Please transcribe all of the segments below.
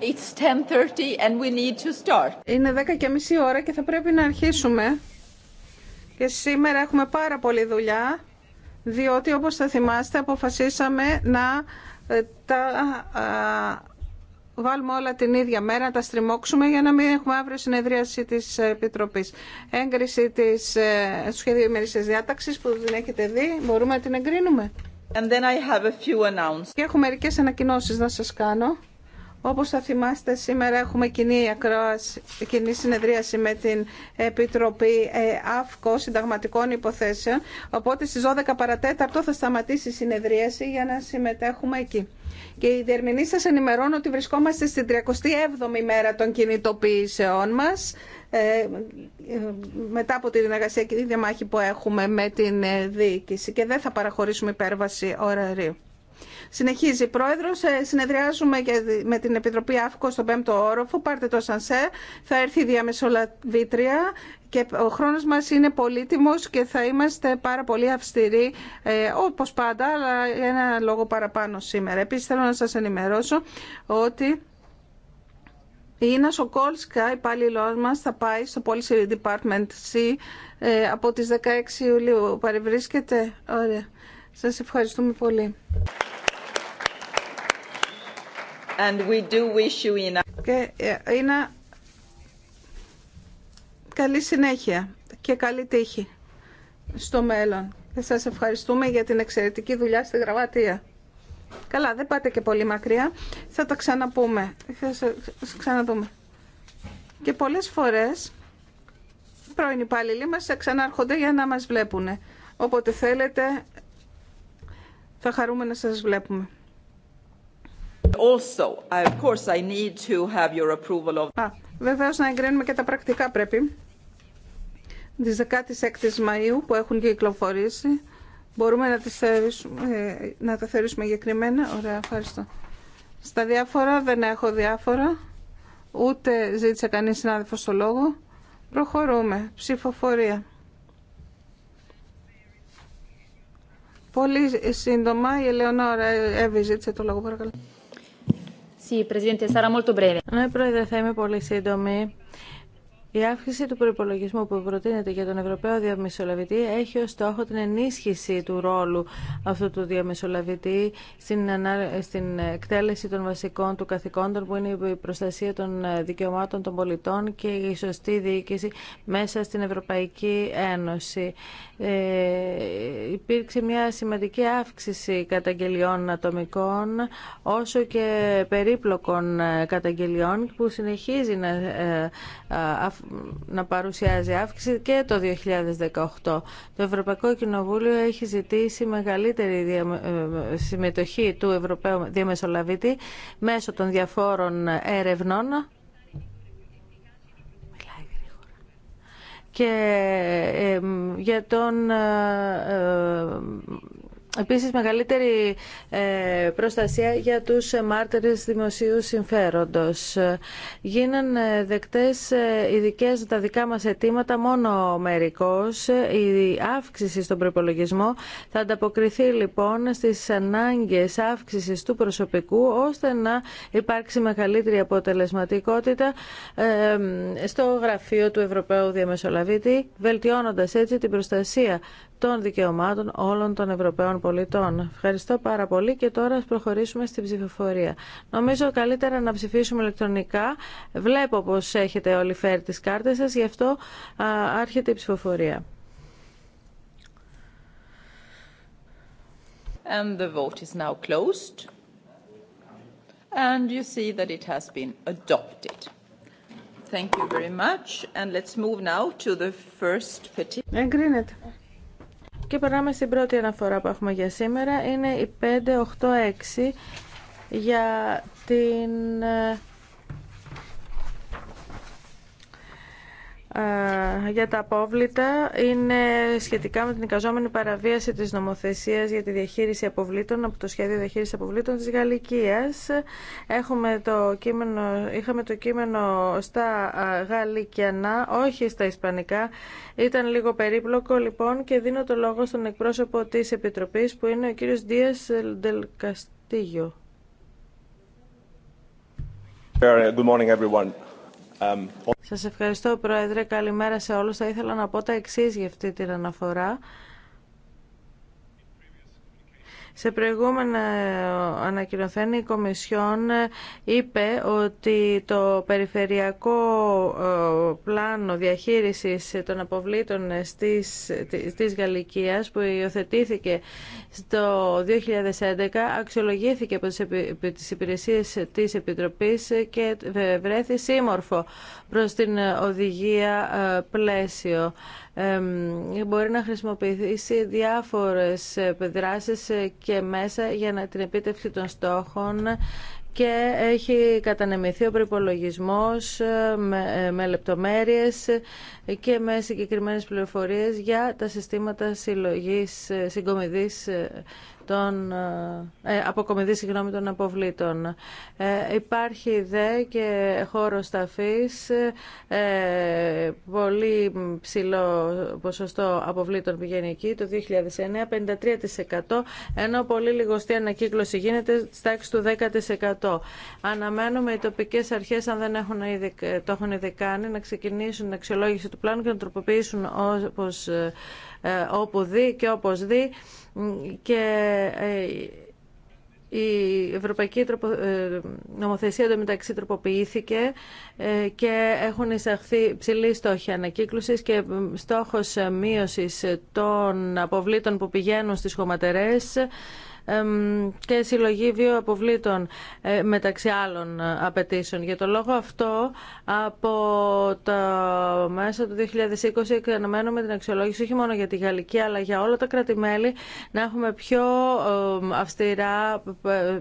It's 10.30 and we need to start. Είναι 10 και μισή ώρα και θα πρέπει να αρχίσουμε. Και σήμερα έχουμε πάρα πολλή δουλειά, διότι όπως θα θυμάστε αποφασίσαμε να ε, τα βάλουμε όλα την ίδια μέρα, να τα στριμώξουμε για να μην έχουμε αύριο συνεδρίαση της Επιτροπής. Έγκριση της, ε, σχεδίου ημερήσιας διάταξης που δεν έχετε δει, μπορούμε να την εγκρίνουμε. And then I have a few και έχω μερικές ανακοινώσεις να σας κάνω. Όπως θα θυμάστε, σήμερα έχουμε κοινή, ακρόαση, κοινή συνεδρίαση με την Επιτροπή ε, ΑΦΚΟ Συνταγματικών Υποθέσεων. Οπότε στις 12 παρατέταρτο θα σταματήσει η συνεδρίαση για να συμμετέχουμε εκεί. Και οι διερμηνείς σας ενημερώνω ότι βρισκόμαστε στην 37η μέρα των κινητοποιήσεών μας ε, μετά από την εργασία τη διαμάχη που έχουμε με την ε, διοίκηση και δεν θα παραχωρήσουμε υπέρβαση ωραρίου. Συνεχίζει η πρόεδρο. Ε, συνεδριάζουμε με την Επιτροπή ΑΦΚΟ στον πέμπτο όροφο. Πάρτε το σανσέ. Θα έρθει η διαμεσολαβήτρια και ο χρόνος μας είναι πολύτιμος και θα είμαστε πάρα πολύ αυστηροί ε, όπως πάντα αλλά ένα λόγο παραπάνω σήμερα. Επίσης θέλω να σας ενημερώσω ότι η Ίνα Σοκόλσκα, υπάλληλό μα, θα πάει στο Policy Department C ε, από τις 16 Ιουλίου. Παρευρίσκεται. Ωραία. Σας ευχαριστούμε πολύ και ε, είναι καλή συνέχεια και καλή τύχη στο μέλλον. Και σας ευχαριστούμε για την εξαιρετική δουλειά στη γραμματεία. Καλά, δεν πάτε και πολύ μακριά. Θα τα ξαναπούμε. Θα σας ξαναδούμε. Και πολλές φορές πρώην υπάλληλοι μας ξανάρχονται για να μας βλέπουν. Όποτε θέλετε θα χαρούμε να σας βλέπουμε. Βεβαίω να εγκρίνουμε και τα πρακτικά πρέπει. Τις 16 Μαΐου που έχουν κυκλοφορήσει. Μπορούμε να, τις ε, να τα θεωρήσουμε εγκεκριμένα. Ωραία, ευχαριστώ. Στα διάφορα δεν έχω διάφορα. Ούτε ζήτησε κανείς συνάδελφος το λόγο. Προχωρούμε. Ψηφοφορία. Πολύ σύντομα η Ελεονόρα Εύη ζήτησε το λόγο παρακαλώ. Ναι, Πρόεδρε, θα είμαι πολύ σύντομη. Η αύξηση του προπολογισμού που προτείνεται για τον Ευρωπαίο Διαμεσολαβητή έχει ως στόχο την ενίσχυση του ρόλου αυτού του διαμεσολαβητή στην, στην εκτέλεση των βασικών του καθηκόντων που είναι η προστασία των δικαιωμάτων των πολιτών και η σωστή διοίκηση μέσα στην Ευρωπαϊκή Ένωση. Ε, υπήρξε μια σημαντική αύξηση καταγγελιών ατομικών όσο και περίπλοκων καταγγελιών που συνεχίζει να ε, να παρουσιάζει αύξηση και το 2018. Το Ευρωπαϊκό Κοινοβούλιο έχει ζητήσει μεγαλύτερη ε, συμμετοχή του Ευρωπαίου Διαμεσολαβήτη μέσω των διαφόρων έρευνων και για τον ε, ε, Επίσης μεγαλύτερη ε, προστασία για τους ε, μάρτυρες δημοσίου συμφέροντος. Γίναν ε, δεκτές ειδικέ τα δικά μας αιτήματα μόνο μερικώς. Η αύξηση στον προπολογισμό θα ανταποκριθεί λοιπόν στις ανάγκες αύξησης του προσωπικού ώστε να υπάρξει μεγαλύτερη αποτελεσματικότητα στο γραφείο του Ευρωπαίου Διαμεσολαβήτη, βελτιώνοντας έτσι την προστασία των δικαιωμάτων όλων των Ευρωπαίων πολιτών. Ευχαριστώ πάρα πολύ και τώρα ας προχωρήσουμε στην ψηφοφορία. Νομίζω καλύτερα να ψηφίσουμε ηλεκτρονικά. Βλέπω πως έχετε όλοι φέρει τις κάρτες σας, γι' αυτό άρχεται η ψηφοφορία. And the vote is now closed. And you see that it has been adopted. Thank you very much. And let's move now to the first petition. Και περνάμε στην πρώτη αναφορά που έχουμε για σήμερα. Είναι η 586 για την ε, Ε, για τα απόβλητα είναι σχετικά με την εικαζόμενη παραβίαση της νομοθεσίας για τη διαχείριση αποβλήτων από το σχέδιο διαχείρισης αποβλήτων της Γαλλικίας. Έχουμε το κείμενο, είχαμε το κείμενο στα ε, γαλλικιανά, όχι στα ισπανικά. Ήταν λίγο περίπλοκο λοιπόν και δίνω το λόγο στον εκπρόσωπο της Επιτροπής που είναι ο κύριος Δίας Ντελκαστίγιο. Good Um, Σας ευχαριστώ Πρόεδρε. Καλημέρα σε όλου. Θα ήθελα να πω τα εξή για αυτή την αναφορά. Σε προηγούμενα ε, ανακοινωθένη η Κομισιόν ε, είπε ότι το περιφερειακό ε, πλάνο διαχείρισης των αποβλήτων της, της Γαλλικίας που υιοθετήθηκε στο 2011 αξιολογήθηκε από τις υπηρεσίες της Επιτροπής και βρέθη σύμμορφο προς την οδηγία ε, πλαίσιο. Μπορεί να χρησιμοποιήσει διάφορες ε, δράσεις ε, και μέσα για την επίτευξη των στόχων και έχει κατανεμηθεί ο προπολογισμό ε, με, ε, με λεπτομέρειες και με συγκεκριμένες πληροφορίες για τα συστήματα συλλογής, ε, συγκομιδής των, ε, ε αποκομιδή συγγνώμη, των αποβλήτων. Ε, υπάρχει δε και χώρο ταφή ε, πολύ ψηλό ποσοστό αποβλήτων πηγαίνει εκεί, το 2009 53%, ενώ πολύ λιγοστή ανακύκλωση γίνεται στη του 10%. Αναμένουμε οι τοπικές αρχές, αν δεν έχουν ήδη, ε, το έχουν ήδη κάνει, να ξεκινήσουν αξιολόγηση του πλάνου και να τροποποιήσουν όπως, ε, όπου δει και όπως δει και ε, η Ευρωπαϊκή ε, Νομοθεσία μεταξύ τροποποιήθηκε ε, και έχουν εισαχθεί ψηλοί στόχοι ανακύκλωση και στόχος μείωσης των αποβλήτων που πηγαίνουν στις χωματερέ και συλλογή βιοαποβλήτων ε, μεταξύ άλλων ε, απαιτήσεων. Για τον λόγο αυτό, από τα μέσα του 2020 αναμένουμε την αξιολόγηση όχι μόνο για τη Γαλλική αλλά για όλα τα κρατημέλη να έχουμε πιο αυστηρά ε,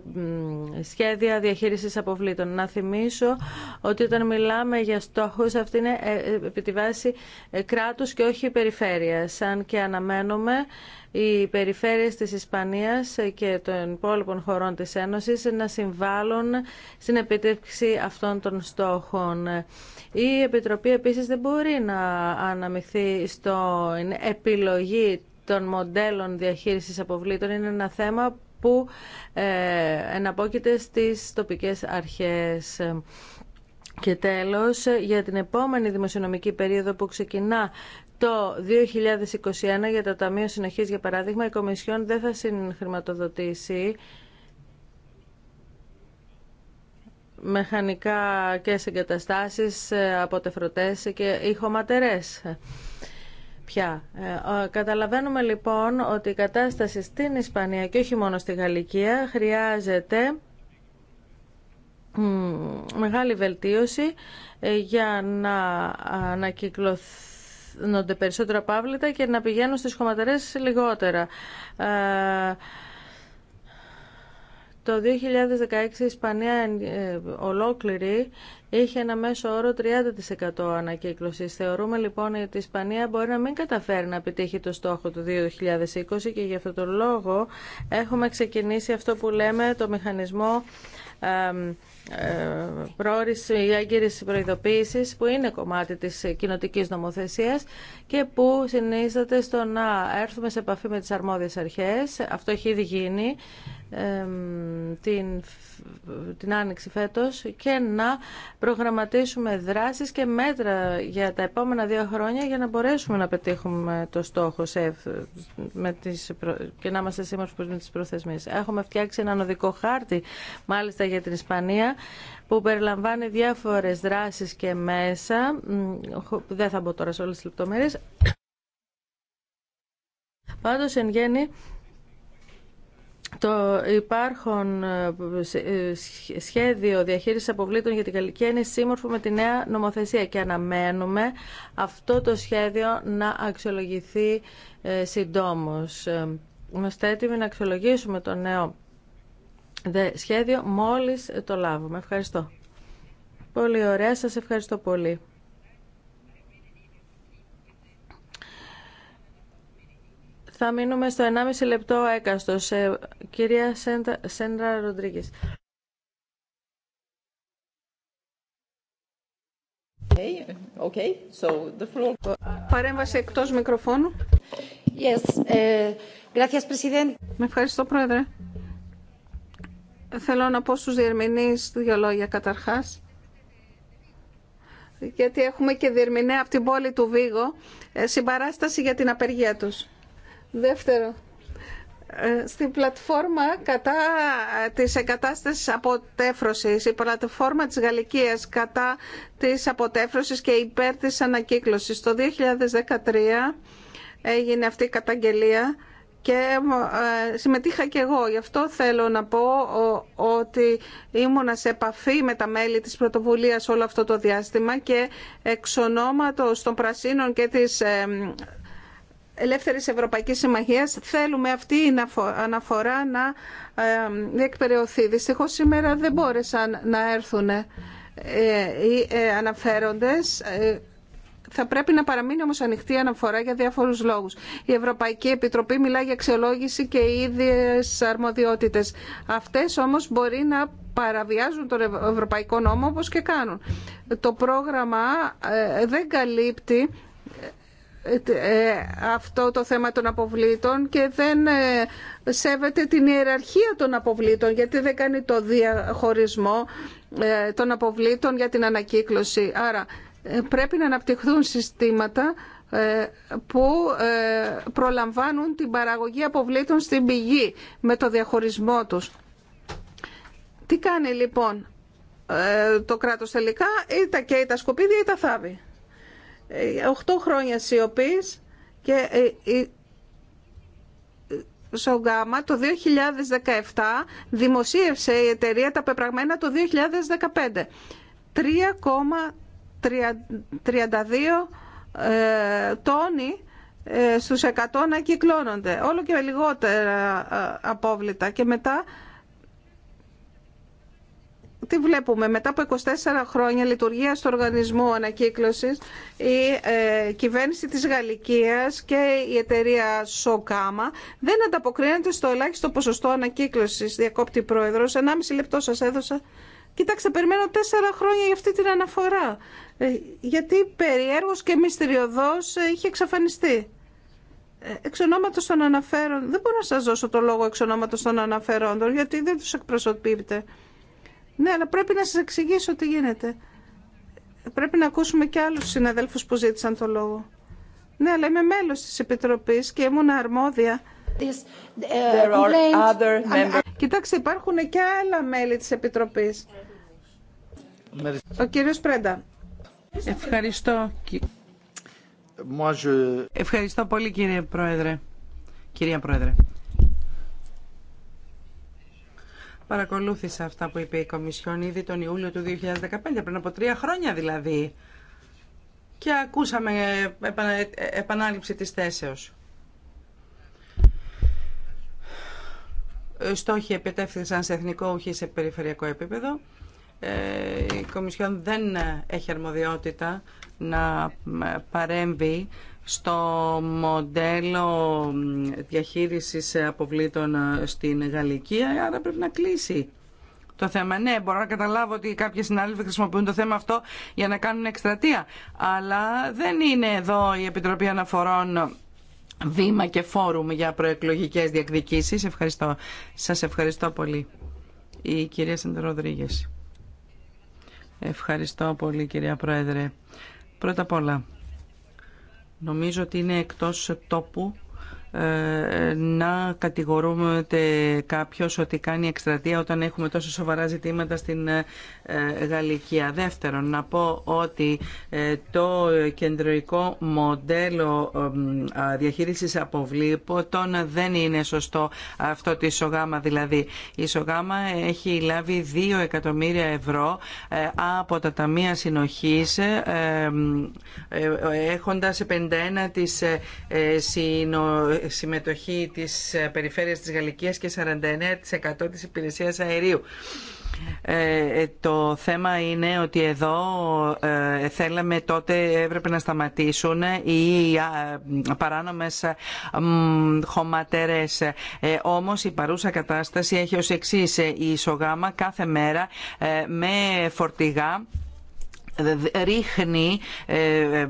σχέδια διαχείρισης αποβλήτων. Να θυμίσω ότι όταν μιλάμε για στόχους αυτή είναι επί τη βάση κράτους και όχι περιφέρεια σαν και αναμένουμε οι περιφέρειες της Ισπανίας και των υπόλοιπων χωρών της Ένωσης να συμβάλλουν στην επίτευξη αυτών των στόχων. Η Επιτροπή επίσης δεν μπορεί να αναμειχθεί στην επιλογή των μοντέλων διαχείρισης αποβλήτων. Είναι ένα θέμα που ε, εναπόκειται στις τοπικές αρχές. Και τέλος, για την επόμενη δημοσιονομική περίοδο που ξεκινά το 2021 για το Ταμείο Συνοχής, για παράδειγμα, η Κομισιόν δεν θα συγχρηματοδοτήσει μεχανικά και συγκαταστάσεις, ε, αποτεφρωτές και ηχοματερές πια. Ε, καταλαβαίνουμε λοιπόν ότι η κατάσταση στην Ισπανία και όχι μόνο στη Γαλλικία χρειάζεται μεγάλη βελτίωση ε, για να ανακυκλωθεί πεθαίνονται περισσότερα παύλητα και να πηγαίνουν στις χωματερές λιγότερα. Ε, το 2016 η Ισπανία ε, ολόκληρη είχε ένα μέσο όρο 30% ανακύκλωσης. Θεωρούμε λοιπόν ότι η Ισπανία μπορεί να μην καταφέρει να επιτύχει το στόχο του 2020 και γι' αυτόν τον λόγο έχουμε ξεκινήσει αυτό που λέμε το μηχανισμό ε, πρόορηση ή έγκυρη προειδοποίησης που είναι κομμάτι της κοινοτικής νομοθεσίας και που συνίσταται στο να έρθουμε σε επαφή με τις αρμόδιες αρχές. Αυτό έχει ήδη γίνει την, την Άνοιξη φέτος και να προγραμματίσουμε δράσεις και μέτρα για τα επόμενα δύο χρόνια για να μπορέσουμε να πετύχουμε το στόχο σε, με τις, και να είμαστε σύμμορφοι με τις προθεσμίες. Έχουμε φτιάξει έναν οδικό χάρτη μάλιστα για την Ισπανία που περιλαμβάνει διάφορες δράσεις και μέσα, δεν θα μπω τώρα σε όλες τις λεπτομέρειες, Πάντως εν γέννη το υπάρχον ε, ε, σχέδιο διαχείρισης αποβλήτων για την Γαλλική είναι σύμμορφο με τη νέα νομοθεσία και αναμένουμε αυτό το σχέδιο να αξιολογηθεί ε, συντόμως. Είμαστε έτοιμοι να αξιολογήσουμε το νέο σχέδιο μόλις το λάβουμε. Ευχαριστώ. Πολύ ωραία. Σας ευχαριστώ πολύ. Θα μείνουμε στο 1,5 λεπτό έκαστος. Ε, κυρία Σέντρα Ροντρίγκη. Okay. So the floor... Παρέμβαση εκτό μικροφώνου. Yes. Ε, Με ευχαριστώ, Πρόεδρε. Θέλω να πω στου διερμηνείς δύο λόγια καταρχά. Γιατί έχουμε και διερμηνέα από την πόλη του Βίγο ε, συμπαράσταση για την απεργία τους. Δεύτερο, ε, στην πλατφόρμα κατά της εγκατάστασης αποτέφρωσης, η πλατφόρμα της Γαλλικίας κατά της αποτέφρωσης και υπέρ της ανακύκλωσης. Το 2013 έγινε αυτή η καταγγελία και ε, συμμετείχα και εγώ. Γι' αυτό θέλω να πω ότι ήμουνα σε επαφή με τα μέλη της πρωτοβουλίας όλο αυτό το διάστημα και εξ ονόματος των Πρασίνων και της ε, Ελεύθερης Ευρωπαϊκής Συμμαχίας θέλουμε αυτή η αναφορά να εκπαιρεωθεί. Δυστυχώς σήμερα δεν μπόρεσαν να έρθουν ε, οι ε, αναφέροντες. Ε, θα πρέπει να παραμείνει όμως ανοιχτή αναφορά για διάφορους λόγους. Η Ευρωπαϊκή Επιτροπή μιλά για αξιολόγηση και οι ίδιες αρμοδιότητες. Αυτές όμως μπορεί να παραβιάζουν τον Ευρωπαϊκό Νόμο όπως και κάνουν. Το πρόγραμμα δεν καλύπτει ε, ε, αυτό το θέμα των αποβλήτων και δεν ε, σέβεται την ιεραρχία των αποβλήτων γιατί δεν κάνει το διαχωρισμό των αποβλήτων για την ανακύκλωση. Άρα πρέπει να αναπτυχθούν συστήματα που προλαμβάνουν την παραγωγή αποβλήτων στην πηγή με το διαχωρισμό τους. Τι κάνει λοιπόν το κράτος τελικά, ή τα καίει τα σκουπίδια ή τα θάβει. 8 ε, χρόνια σιωπής και ε, Σογκάμα το 2017 δημοσίευσε η εταιρεία τα πεπραγμένα το 2015. 3,32 ε, τόνοι στους 100 να κυκλώνονται. Όλο και λιγότερα απόβλητα. Και μετά τι βλέπουμε μετά από 24 χρόνια λειτουργία του οργανισμού ανακύκλωση, η ε, κυβέρνηση τη Γαλλικία και η εταιρεία Σοκάμα δεν ανταποκρίνεται στο ελάχιστο ποσοστό ανακύκλωσης διακόπτη πρόεδρο. 1,5 λεπτό σα έδωσα Κοιτάξτε, περιμένω 4 χρόνια για αυτή την αναφορά. Ε, γιατί περιέργω και ε, είχε εξαφανιστεί. Ε, εξ των δεν μπορώ να σα δώσω το λόγο εξ ονόματος των αναφέροντων, γιατί δεν του εκπροσωπείτε. Ναι, αλλά πρέπει να σας εξηγήσω τι γίνεται. Πρέπει να ακούσουμε και άλλους συναδέλφους που ζήτησαν το λόγο. Ναι, αλλά είμαι μέλος της Επιτροπής και ήμουν αρμόδια. there uh, are other members. Κοιτάξτε, υπάρχουν και άλλα μέλη της Επιτροπής. Ο κύριος Πρέντα. Ευχαριστώ. Ευχαριστώ πολύ κύριε Πρόεδρε. Κυρία Πρόεδρε. Παρακολούθησα αυτά που είπε η Κομισιόν ήδη τον Ιούλιο του 2015, πριν από τρία χρόνια δηλαδή. Και ακούσαμε επανάληψη της θέσεως. Ε, στόχοι επιτεύχθησαν σε εθνικό, όχι σε περιφερειακό επίπεδο. Ε, η Κομισιόν δεν έχει αρμοδιότητα να παρέμβει στο μοντέλο διαχείρισης αποβλήτων ε, στην Γαλλική, ε, άρα πρέπει να κλείσει το θέμα. Ναι, μπορώ να καταλάβω ότι κάποιοι συνάδελφοι χρησιμοποιούν το θέμα αυτό για να κάνουν εκστρατεία, αλλά δεν είναι εδώ η Επιτροπή Αναφορών βήμα και φόρουμ για προεκλογικές διεκδικήσεις. Ευχαριστώ. Σας ευχαριστώ πολύ. Η κυρία Σεντεροδρίγες. Ευχαριστώ πολύ κυρία Πρόεδρε. Πρώτα απ' όλα, Νομίζω ότι είναι εκτός τόπου ε, να κατηγορούμε κάποιος ότι κάνει εκστρατεία όταν έχουμε τόσο σοβαρά ζητήματα στην ε, Γαλλικία. Δεύτερον, να πω ότι ε, το κεντρικό μοντέλο διαχείρισης αποβλήπωτων δεν είναι σωστό αυτό της ΣΟΓΑΜΑ. Δηλαδή, η ΣΟΓΑΜΑ έχει λάβει 2 εκατομμύρια ευρώ από τα Ταμεία Συνοχής έχοντας 51 της συνο συμμετοχή της ε, περιφέρειας της Γαλλικίας και 49% της υπηρεσίας αερίου. Ε, ε, το θέμα είναι ότι εδώ ε, θέλαμε τότε έπρεπε να σταματήσουν οι παράνομες χωματερές. Όμως η παρούσα κατάσταση έχει ως εξής η ισογάμα κάθε μέρα με φορτηγά ρίχνει ε, ε,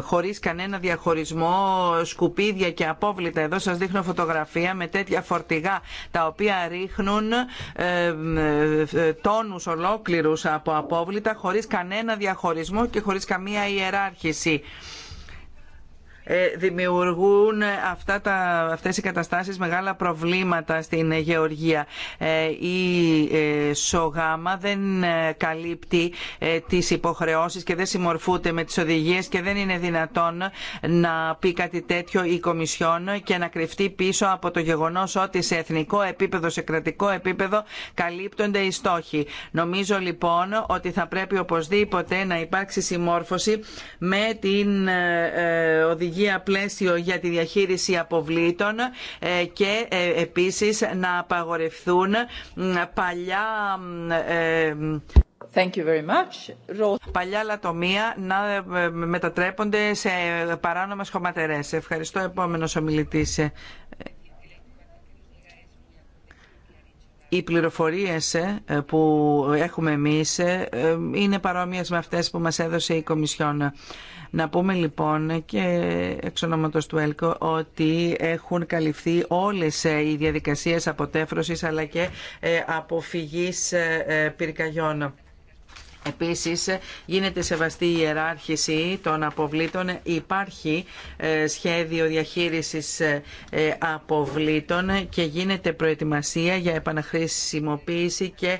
χωρίς κανένα διαχωρισμό σκουπίδια και απόβλητα. Εδώ σας δείχνω φωτογραφία με τέτοια φορτηγά τα οποία ρίχνουν ε, τόνους ολόκληρους από απόβλητα χωρίς κανένα διαχωρισμό και χωρίς καμία ιεράρχηση. Ε, δημιουργούν αυτά τα, αυτές οι καταστάσεις μεγάλα προβλήματα στην γεωργία. Ε, η ε, ΣΟΓΑΜΑ δεν καλύπτει τις υποχρεώσεις και δεν συμμορφούνται με τις οδηγίες και δεν είναι δυνατόν να πει κάτι τέτοιο η Κομισιόν και να κρυφτεί πίσω από το γεγονός ότι σε εθνικό επίπεδο, σε κρατικό επίπεδο καλύπτονται οι στόχοι. Νομίζω λοιπόν ότι θα πρέπει οπωσδήποτε να υπάρξει συμμόρφωση με την οδηγία πλαίσιο για τη διαχείριση αποβλήτων ε, και ε, επίσης να απαγορευθούν παλιά ε, Thank Παλιά λατομεία να μετατρέπονται σε παράνομες χωματερές. Ευχαριστώ επόμενος ομιλητής. οι πληροφορίες ε, που έχουμε εμείς ε, ε, είναι παρόμοιες με αυτές που μας έδωσε η Κομισιόν. Να πούμε λοιπόν και εξ ονόματος του ΕΛΚΟ ότι έχουν καλυφθεί όλες οι διαδικασίες αποτέφρωσης αλλά και αποφυγής πυρκαγιών. Επίσης γίνεται σεβαστή η ιεράρχηση των αποβλήτων. Υπάρχει ε, σχέδιο διαχείρισης ε, ε, αποβλήτων και γίνεται προετοιμασία για επαναχρησιμοποίηση και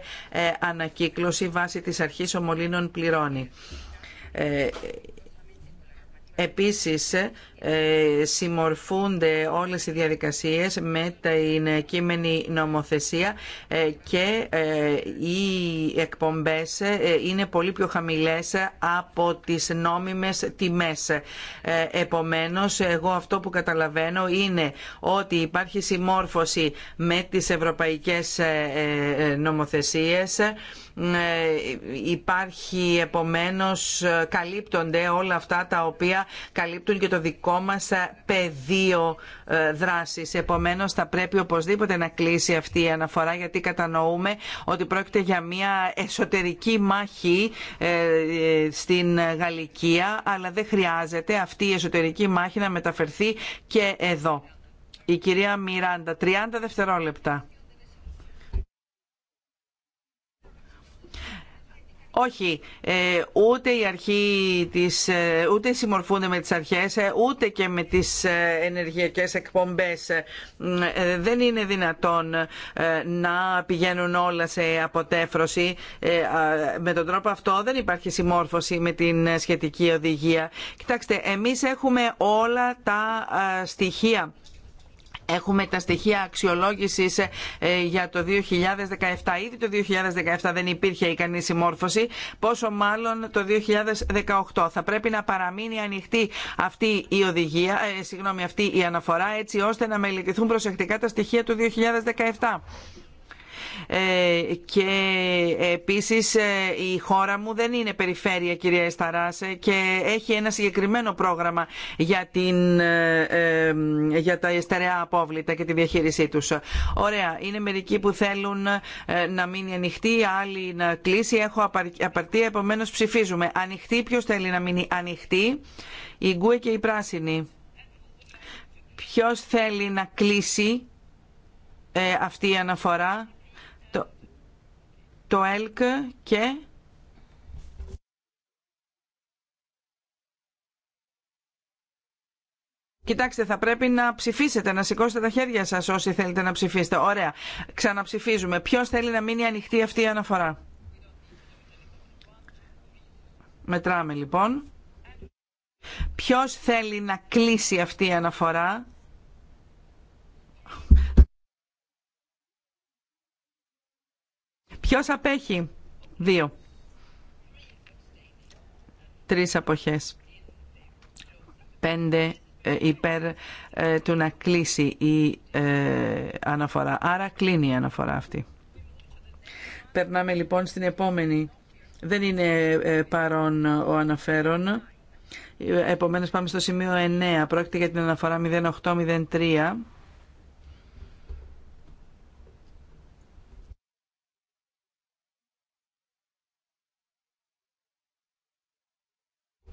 ανακύκλωση βάσει της αρχής ομολύνων πληρώνει. Επίσης ε, συμμορφούνται όλες οι διαδικασίες με την κείμενη νομοθεσία ε, και ε, οι εκπομπές είναι πολύ πιο χαμηλές από τις νόμιμες τιμές. Επομένως, εγώ αυτό που καταλαβαίνω είναι ότι υπάρχει συμμόρφωση με τις ευρωπαϊκές νομοθεσίες υπάρχει επομένως καλύπτονται όλα αυτά τα οποία καλύπτουν και το δικό ονόμασα πεδίο ε, δράσης. Επομένως θα πρέπει οπωσδήποτε να κλείσει αυτή η αναφορά γιατί κατανοούμε ότι πρόκειται για μια εσωτερική μάχη ε, στην Γαλλικία αλλά δεν χρειάζεται αυτή η εσωτερική μάχη να μεταφερθεί και εδώ. Η κυρία Μιράντα, 30 δευτερόλεπτα. Όχι, ε, ούτε η αρχή της, ε, ούτε συμμορφούνται με τις αρχές, ε, ούτε και με τις ενεργειακές εκπομπές. Δεν είναι δυνατόν να πηγαίνουν όλα σε αποτέφρωση. Με τον τρόπο αυτό δεν υπάρχει συμμόρφωση με την σχετική οδηγία. Κοιτάξτε, εμείς έχουμε όλα τα στοιχεία Έχουμε τα στοιχεία αξιολόγησης ε, ε, για το 2017. Ήδη το 2017 δεν υπήρχε ικανή συμμόρφωση, πόσο μάλλον το 2018. Θα πρέπει να παραμείνει ανοιχτή αυτή η οδηγία, ε, συγγνώμη, αυτή η αναφορά, έτσι ώστε να μελετηθούν προσεκτικά τα στοιχεία του 2017. Ε, και επίσης ε, η χώρα μου δεν είναι περιφέρεια κυρία Εσταράσε και έχει ένα συγκεκριμένο πρόγραμμα για, την, ε, για τα στερεά απόβλητα και τη διαχείρισή τους. Ωραία, είναι μερικοί που θέλουν να μείνει ανοιχτή, άλλοι να κλείσει. Έχω απαρτία, επομενω ψηφίζουμε. Ανοιχτή, ποιο θέλει να μείνει ανοιχτή, η γκουε και η πράσινη. Ποιος θέλει να κλείσει αυτή η αναφορά το ΕΛΚ και... Κοιτάξτε, θα πρέπει να ψηφίσετε, να σηκώσετε τα χέρια σα όσοι θέλετε να ψηφίσετε. Ωραία. Ξαναψηφίζουμε. Ποιο θέλει να μείνει ανοιχτή αυτή η αναφορά. Μετράμε λοιπόν. Ποιο θέλει να κλείσει αυτή η αναφορά. Ποιος απέχει. Δύο. Τρεις αποχές. Πέντε ε, υπέρ ε, του να κλείσει η ε, αναφορά. Άρα κλείνει η αναφορά αυτή. Περνάμε λοιπόν στην επόμενη. Δεν είναι ε, παρόν ο αναφέρον. Επομένως πάμε στο σημείο 9. Πρόκειται για την αναφορά 0803.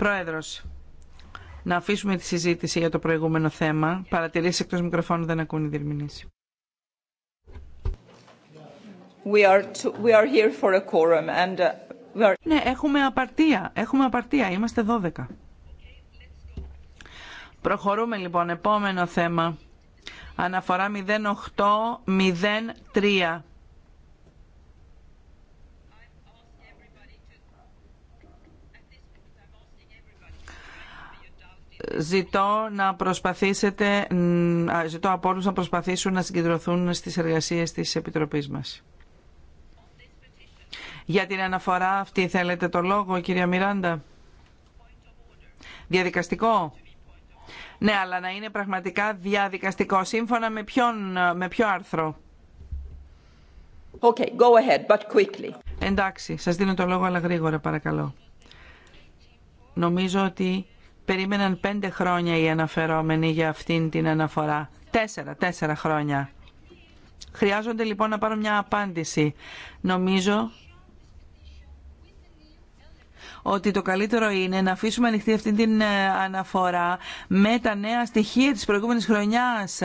Πρόεδρος, να αφήσουμε τη συζήτηση για το προηγούμενο θέμα. Παρατηρήσει εκτός μικροφώνου δεν ακούν οι διερμηνείς. Ναι, έχουμε απαρτία. Έχουμε απαρτία. Είμαστε 12. Προχωρούμε λοιπόν. Επόμενο θέμα. Αναφορά 0803. ζητώ να προσπαθήσετε, ζητώ από όλους να προσπαθήσουν να συγκεντρωθούν στις εργασίες της Επιτροπής μας. Για την αναφορά αυτή θέλετε το λόγο, κυρία Μιράντα. Διαδικαστικό. Ναι, αλλά να είναι πραγματικά διαδικαστικό. Σύμφωνα με, ποιον, με ποιο άρθρο. Okay, go ahead, but quickly. Εντάξει, σας δίνω το λόγο, αλλά γρήγορα παρακαλώ. Νομίζω ότι περίμεναν πέντε χρόνια οι αναφερόμενοι για αυτήν την αναφορά. Τέσσερα, τέσσερα χρόνια. Χρειάζονται λοιπόν να πάρω μια απάντηση. Νομίζω ότι το καλύτερο είναι να αφήσουμε ανοιχτή αυτήν την ε, αναφορά με τα νέα στοιχεία της προηγούμενης χρονιάς.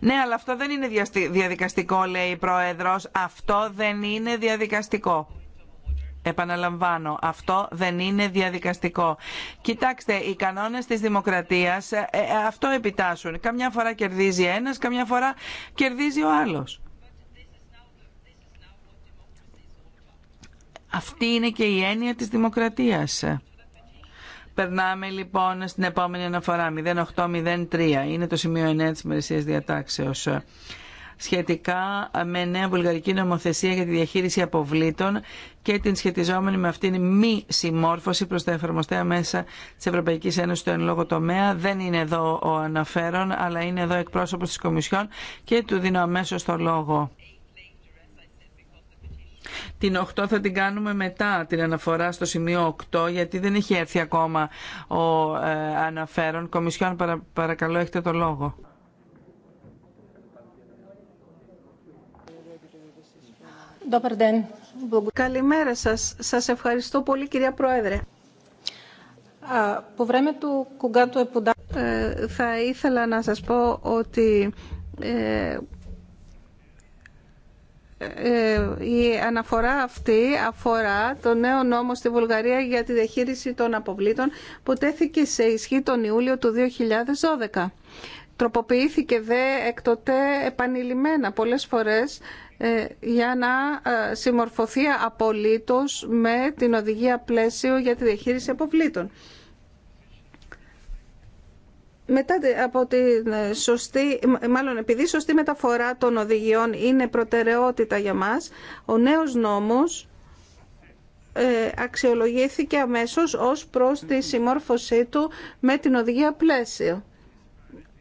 Ναι, αλλά αυτό δεν είναι διαδικαστικό, λέει η Πρόεδρος. Αυτό δεν είναι διαδικαστικό. Επαναλαμβάνω, αυτό δεν είναι διαδικαστικό. Κοιτάξτε, οι κανόνες της δημοκρατίας ε, ε, αυτό επιτάσσουν. Καμιά φορά κερδίζει ένας, καμιά φορά κερδίζει ο άλλος. Αυτή είναι και η έννοια της δημοκρατίας. Περνάμε λοιπόν στην επόμενη αναφορά 0803. Είναι το σημείο 9 της ημερησίας διατάξεως σχετικά με νέα βουλγαρική νομοθεσία για τη διαχείριση αποβλήτων και την σχετιζόμενη με αυτήν μη συμμόρφωση προς τα εφαρμοστέα μέσα της Ευρωπαϊκής Ένωσης στο εν λόγω τομέα. Δεν είναι εδώ ο αναφέρον, αλλά είναι εδώ εκπρόσωπος της Κομισιόν και του δίνω αμέσως το λόγο. Την 8 θα την κάνουμε μετά την αναφορά στο σημείο 8, γιατί δεν έχει έρθει ακόμα ο ε, αναφέρον. Κομισιόν, παρα, παρακαλώ, έχετε το λόγο. Καλημέρα σας. Σας ευχαριστώ πολύ κυρία Πρόεδρε. Ε, θα ήθελα να σας πω ότι ε, ε, η αναφορά αυτή αφορά το νέο νόμο στη Βουλγαρία για τη διαχείριση των αποβλήτων που τέθηκε σε ισχύ τον Ιούλιο του 2012. Τροποποιήθηκε δε εκτοτέ επανειλημμένα πολλές φορές ε, για να ε, συμμορφωθεί απολύτως με την οδηγία πλαίσιο για τη διαχείριση αποβλήτων. Μετά από την ε, σωστή, μάλλον επειδή η σωστή μεταφορά των οδηγιών είναι προτεραιότητα για μας, ο νέος νόμος αξιολογήθηκε αμέσως ως προς τη συμμόρφωσή του με την οδηγία πλαίσιο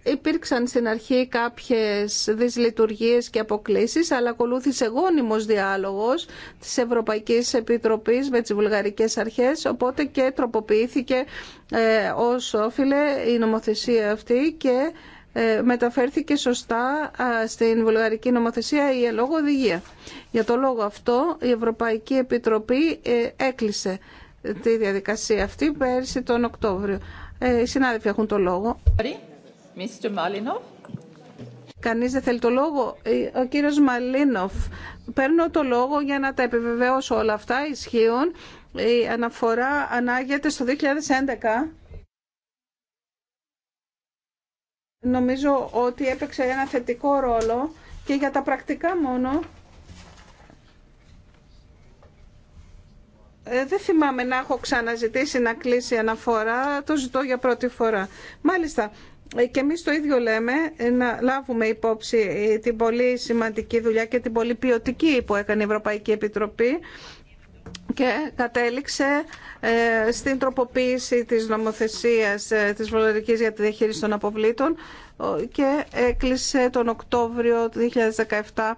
υπήρξαν στην αρχή κάποιες δυσλειτουργίες και αποκλήσεις, αλλά ακολούθησε γόνιμος διάλογος της Ευρωπαϊκής Επιτροπής με τις βουλγαρικές αρχές, οπότε και τροποποιήθηκε ε, ως όφιλε η νομοθεσία αυτή και ε, μεταφέρθηκε σωστά στην βουλγαρική νομοθεσία η ελόγω οδηγία. Για το λόγο αυτό η Ευρωπαϊκή Επιτροπή ε, έκλεισε τη διαδικασία αυτή πέρσι τον Οκτώβριο. Ε, οι συνάδελφοι έχουν το λόγο. Κανεί δεν θέλει το λόγο. Ε, ο κύριος Μαλίνοφ. Παίρνω το λόγο για να τα επιβεβαιώσω όλα αυτά. Ισχύουν. Η αναφορά ανάγεται στο 2011. Νομίζω ότι έπαιξε ένα θετικό ρόλο και για τα πρακτικά μόνο. Ε, δεν θυμάμαι να έχω ξαναζητήσει να κλείσει αναφορά, το ζητώ για πρώτη φορά. Μάλιστα, και εμείς το ίδιο λέμε να λάβουμε υπόψη ε, την πολύ σημαντική δουλειά και την πολύ ποιοτική που έκανε η Ευρωπαϊκή Επιτροπή και κατέληξε ε, στην τροποποίηση της νομοθεσίας ε, της Βολερικής για τη διαχείριση των αποβλήτων και έκλεισε τον Οκτώβριο του 2017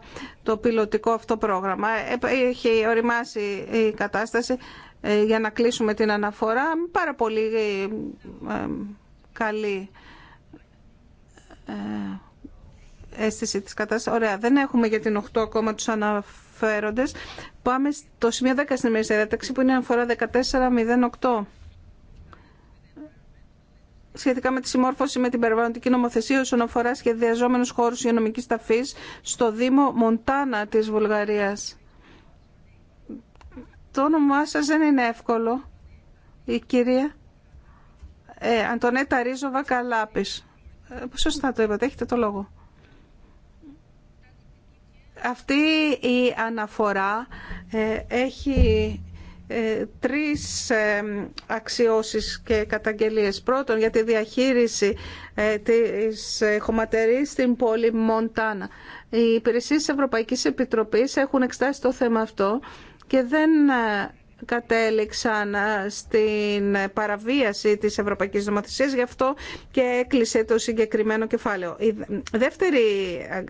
το πιλωτικό αυτό πρόγραμμα. Έχει οριμάσει η κατάσταση για να κλείσουμε την αναφορά. Πάρα πολύ καλή ε, αίσθηση της κατάστασης. Ωραία, δεν έχουμε για την 8 ακόμα τους αναφέροντες. Πάμε στο σημείο 10 στην ημερήσια διάταξη που είναι αναφορά 1408 σχετικά με τη συμμόρφωση με την περιβαλλοντική νομοθεσία όσον αφορά σχεδιαζόμενους χώρους υγειονομικής ταφής στο Δήμο Μοντάνα της Βουλγαρίας. Το όνομά σας δεν είναι εύκολο. Η κυρία ε, Αντωνέτα Ρίζοβα Καλάπης. Ε, σωστά το είπατε, έχετε το λόγο. Αυτή η αναφορά ε, έχει ε, τρεις αξιώσεις και καταγγελίες. Πρώτον, για τη διαχείριση της χωματερής στην πόλη Μοντάνα. Οι υπηρεσίες της Ευρωπαϊκής Επιτροπής έχουν εξτάσει το θέμα αυτό και δεν κατέληξαν στην παραβίαση της Ευρωπαϊκής Νομοθεσίας, γι' αυτό και έκλεισε το συγκεκριμένο κεφάλαιο. Η δεύτερη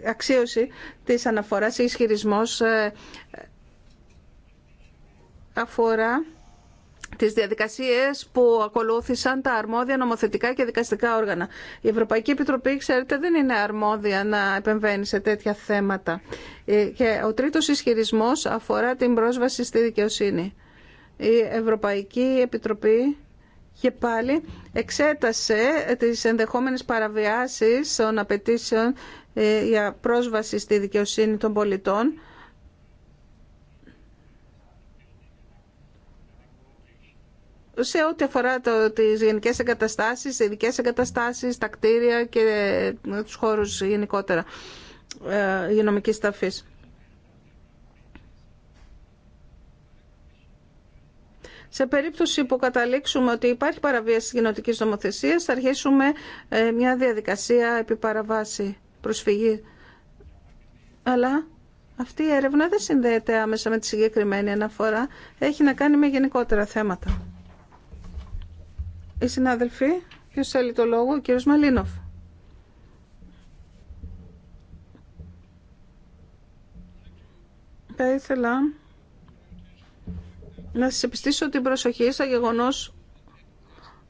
αξίωση της αναφοράς ή ισχυρισμός ε, αφορά τις διαδικασίες που ακολούθησαν τα αρμόδια νομοθετικά και δικαστικά όργανα. Η Ευρωπαϊκή Επιτροπή, ξέρετε, δεν είναι αρμόδια να επεμβαίνει σε τέτοια θέματα. Ε, και ο τρίτος ισχυρισμός αφορά την πρόσβαση στη δικαιοσύνη η Ευρωπαϊκή Επιτροπή και πάλι εξέτασε τις ενδεχόμενες παραβιάσεις των απαιτήσεων ε, για πρόσβαση στη δικαιοσύνη των πολιτών σε ό,τι αφορά το, τις γενικές εγκαταστάσεις, ειδικές εγκαταστάσεις, τα κτίρια και ε, τους χώρους γενικότερα ε, υγειονομικής ταφής. Σε περίπτωση που καταλήξουμε ότι υπάρχει παραβίαση τη δομοθεσίας, νομοθεσία. θα αρχίσουμε ε, μια διαδικασία επί παραβάση προσφυγή. Αλλά αυτή η έρευνα δεν συνδέεται άμεσα με τη συγκεκριμένη αναφορά. Έχει να κάνει με γενικότερα θέματα. Οι συνάδελφοι, ποιο θέλει το λόγο, ο κύριος Μαλίνοφ. Θα ήθελα να σας επιστήσω την προσοχή στο γεγονός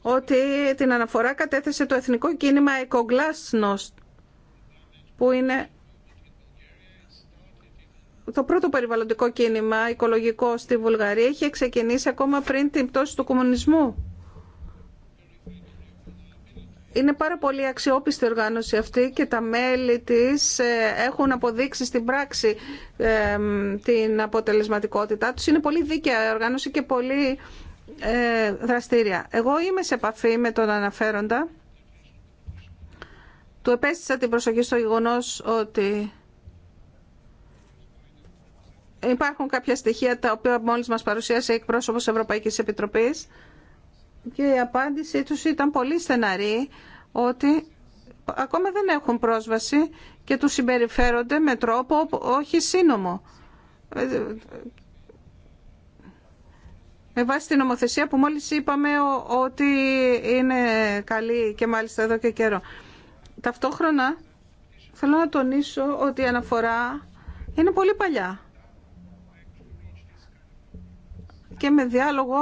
ότι την αναφορά κατέθεσε το Εθνικό Κίνημα Ecoglasnost που είναι το πρώτο περιβαλλοντικό κίνημα οικολογικό στη Βουλγαρία. Είχε ξεκινήσει ακόμα πριν την πτώση του κομμουνισμού. Είναι πάρα πολύ αξιόπιστη οργάνωση αυτή και τα μέλη της ε, έχουν αποδείξει στην πράξη ε, την αποτελεσματικότητά τους. Είναι πολύ δίκαια η οργάνωση και πολύ ε, δραστήρια. Εγώ είμαι σε επαφή με τον αναφέροντα. Του επέστησα την προσοχή στο γεγονό ότι υπάρχουν κάποια στοιχεία τα οποία μόλις μας παρουσίασε εκπρόσωπος Ευρωπαϊκής Επιτροπής και η απάντησή τους ήταν πολύ στεναρή ότι ακόμα δεν έχουν πρόσβαση και τους συμπεριφέρονται με τρόπο όχι σύνομο. Ε, με βάση την νομοθεσία που μόλις είπαμε ότι είναι καλή και μάλιστα εδώ και καιρό. Ταυτόχρονα θέλω να τονίσω ότι η αναφορά είναι πολύ παλιά. και με διάλογο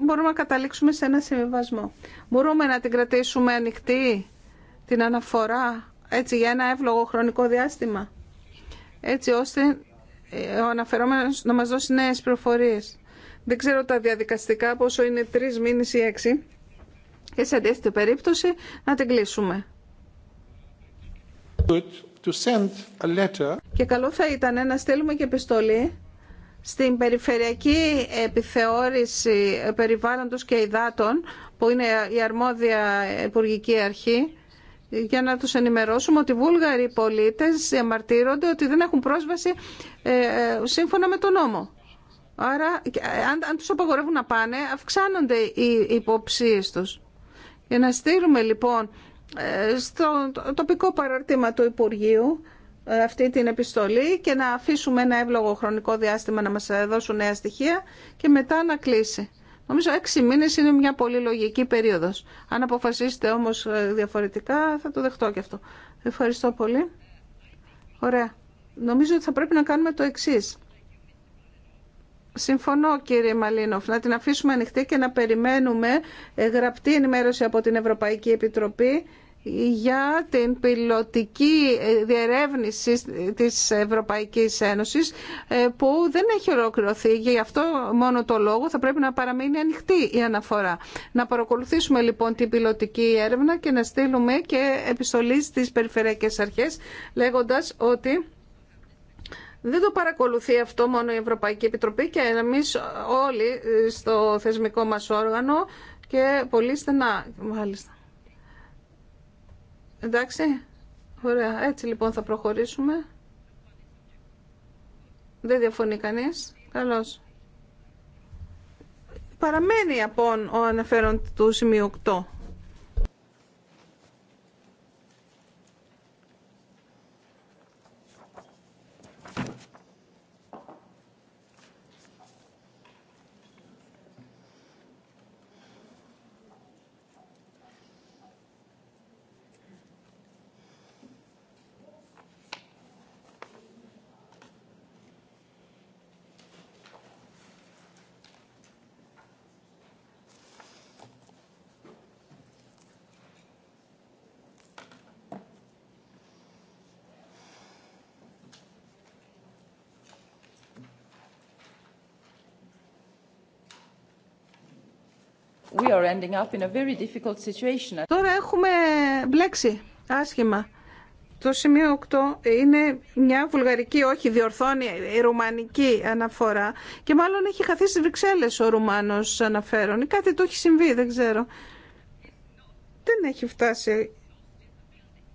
μπορούμε να καταλήξουμε σε ένα συμβιβασμό. Μπορούμε να την κρατήσουμε ανοιχτή, την αναφορά, έτσι για ένα εύλογο χρονικό διάστημα, έτσι ώστε ε, ο αναφερόμενος να μας δώσει νέες προφορίες. Δεν ξέρω τα διαδικαστικά πόσο είναι τρει μήνες ή έξι και σε αντίθετη περίπτωση να την κλείσουμε. Και καλό θα ήταν να στέλνουμε και επιστολή στην περιφερειακή επιθεώρηση περιβάλλοντος και υδάτων, που είναι η αρμόδια υπουργική αρχή, για να τους ενημερώσουμε ότι οι Βούλγαροι πολίτες διαμαρτύρονται ότι δεν έχουν πρόσβαση ε, ε, σύμφωνα με τον νόμο. Άρα, αν τους απαγορεύουν να πάνε, αυξάνονται οι υποψίες τους. Για να στείλουμε, λοιπόν, ε, στο τοπικό παραρτήμα του Υπουργείου αυτή την επιστολή και να αφήσουμε ένα εύλογο χρονικό διάστημα να μας δώσουν νέα στοιχεία και μετά να κλείσει. Νομίζω έξι μήνες είναι μια πολύ λογική περίοδος. Αν αποφασίσετε όμως ε, διαφορετικά θα το δεχτώ και αυτό. Ευχαριστώ πολύ. Ωραία. Νομίζω ότι θα πρέπει να κάνουμε το εξή. Συμφωνώ κύριε Μαλίνοφ, να την αφήσουμε ανοιχτή και να περιμένουμε ε, γραπτή ενημέρωση από την Ευρωπαϊκή Επιτροπή για την πιλωτική ε, διερεύνηση της Ευρωπαϊκής Ένωσης ε, που δεν έχει ολοκληρωθεί. Γι' αυτό μόνο το λόγο θα πρέπει να παραμείνει ανοιχτή η αναφορά. Να παρακολουθήσουμε λοιπόν την πιλωτική έρευνα και να στείλουμε και επιστολή στις περιφερειακές αρχές λέγοντας ότι δεν το παρακολουθεί αυτό μόνο η Ευρωπαϊκή Επιτροπή και εμείς όλοι στο θεσμικό μας όργανο και πολύ στενά μάλιστα. Εντάξει. Ωραία. Έτσι λοιπόν θα προχωρήσουμε. Δεν διαφωνεί κανείς. Καλώς. Παραμένει απόν ο αναφέρον του σημείου 8. we are ending up in a very difficult situation. Τώρα έχουμε μπλέξει άσχημα. Το σημείο 8 είναι μια βουλγαρική, όχι διορθώνει, η ρουμανική αναφορά και μάλλον έχει χαθεί στις Βρυξέλλες ο Ρουμάνος αναφέρον κάτι το έχει συμβεί, δεν ξέρω. Δεν έχει φτάσει,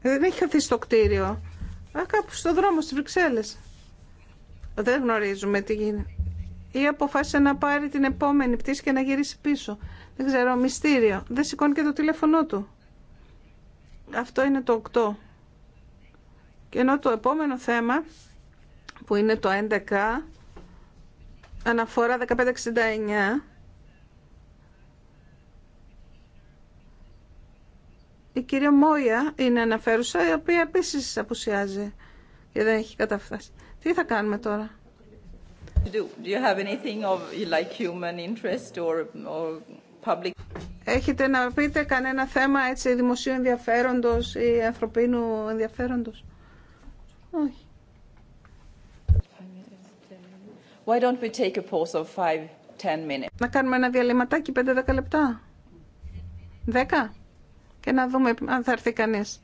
δεν έχει χαθεί στο κτίριο. Α, κάπου στο δρόμο στις Βρυξέλλες. Δεν γνωρίζουμε τι γίνεται ή αποφάσισε να πάρει την επόμενη πτήση και να γυρίσει πίσω. Δεν ξέρω, μυστήριο. Δεν σηκώνει και το τηλέφωνό του. Αυτό είναι το 8. Και ενώ το επόμενο θέμα, που είναι το 11, αναφορά 1569, η κυρία Μόια είναι αναφέρουσα, η οποία επίσης απουσιάζει και δεν έχει καταφτάσει. Τι θα κάνουμε τώρα. Έχετε να πείτε κανένα θέμα έτσι δημοσίου ενδιαφέροντος ή ανθρωπίνου ενδιαφέροντος. Όχι. Why don't we take a pause of minutes? Να κάνουμε ένα διαλυματάκι 5-10 λεπτά. 10 και να δούμε αν θα έρθει κανείς.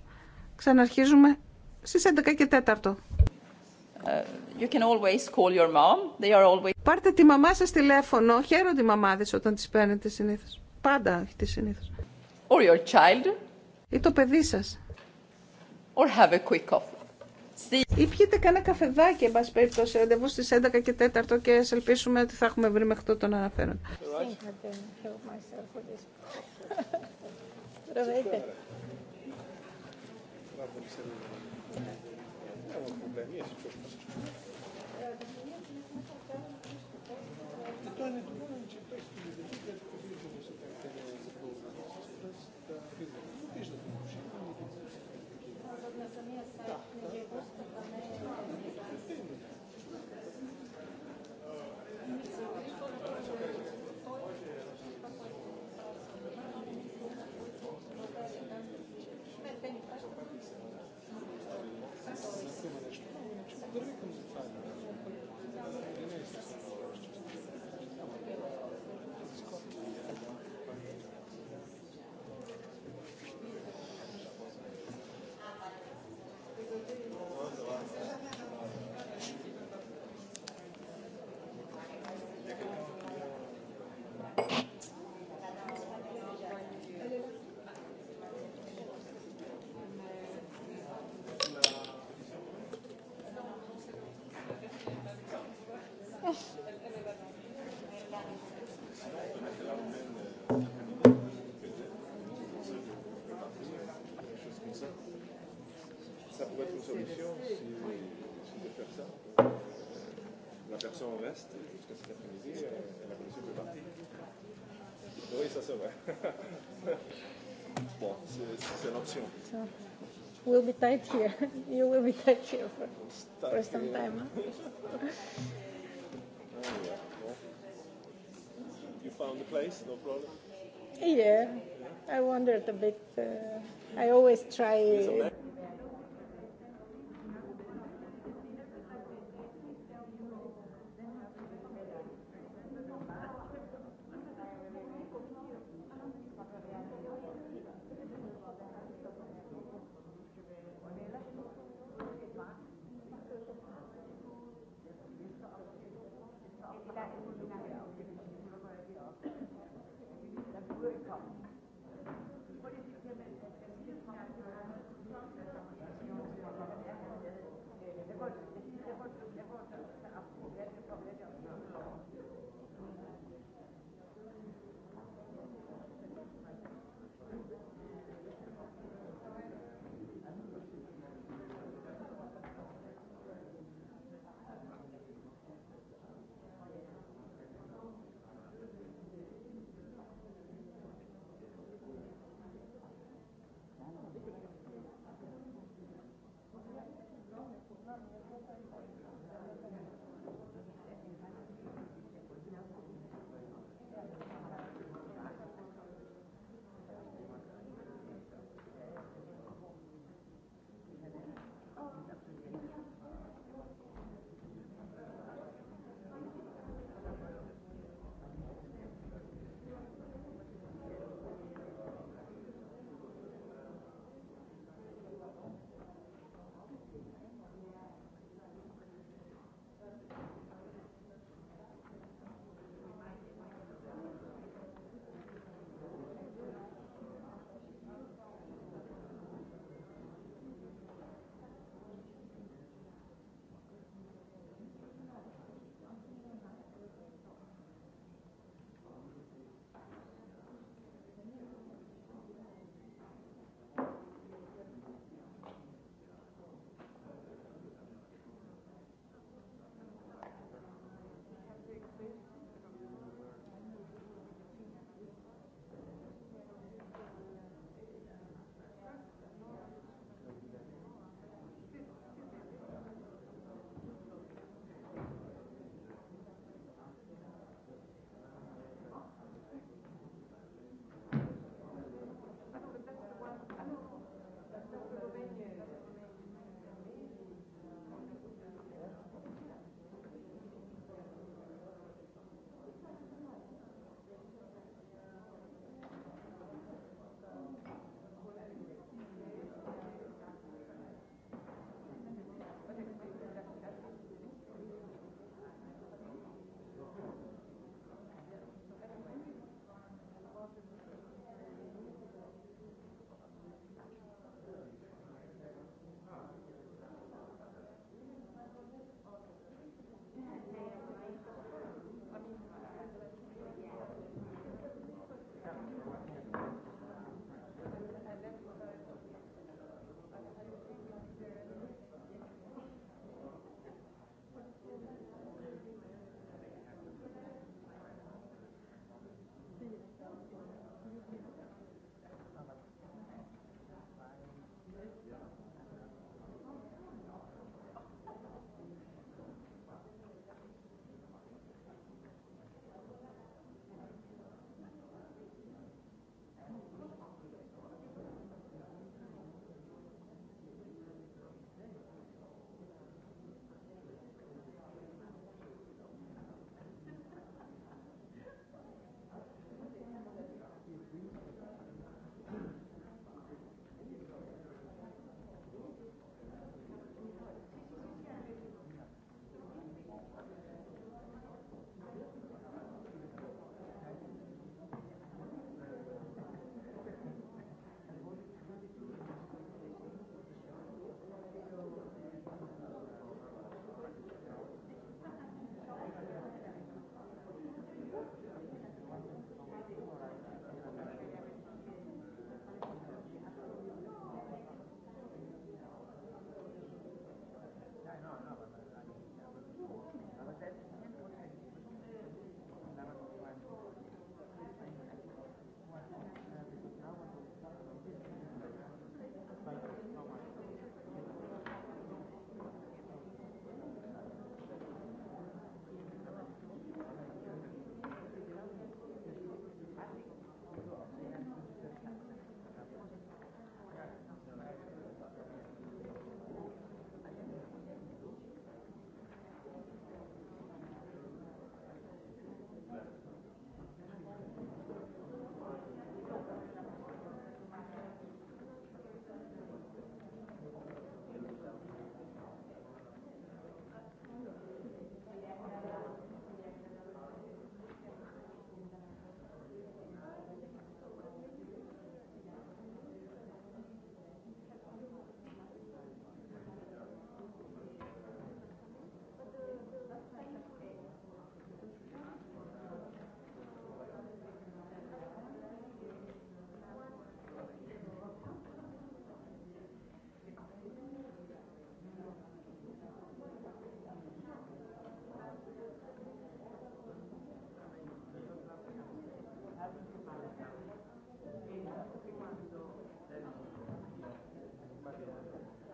Ξαναρχίζουμε στις 11 και 4. You can always call your mom. They are always... Πάρτε τη μαμά σας τηλέφωνο. Χαίρονται οι μαμάδες όταν τις παίρνετε συνήθως. Πάντα έχετε συνήθως. Or your child. Ή το παιδί σας. Or have a quick coffee. Ή πιείτε κανένα καφεδάκι, εν πάση περιπτώσει, ραντεβού στις 11 και 4 και σε ελπίσουμε ότι θα έχουμε βρει μέχρι τον αναφέρον. Δεν si c'est de faire ça. La personne reste jusqu'à cet après-midi et la commission peut partir. Oui, ça, c'est vrai. bon, c'est l'option. We'll be tight here. You will be tight here for, for some time. You found the place, no problem? Yeah. I wondered a bit. I always try. What is it?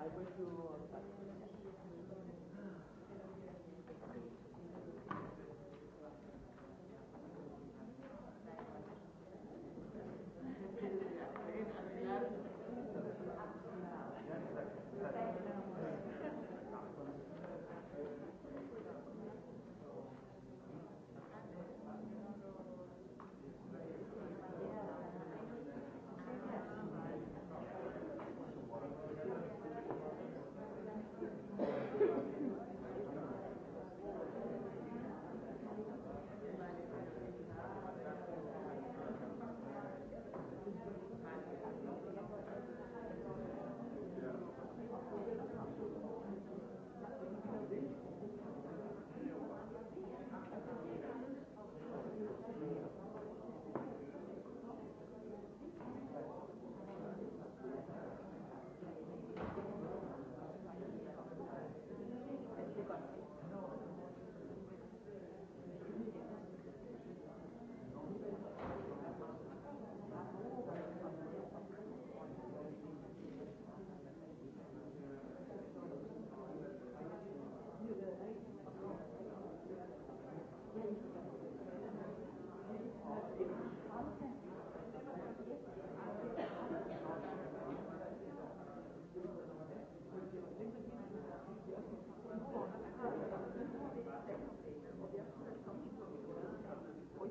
I go to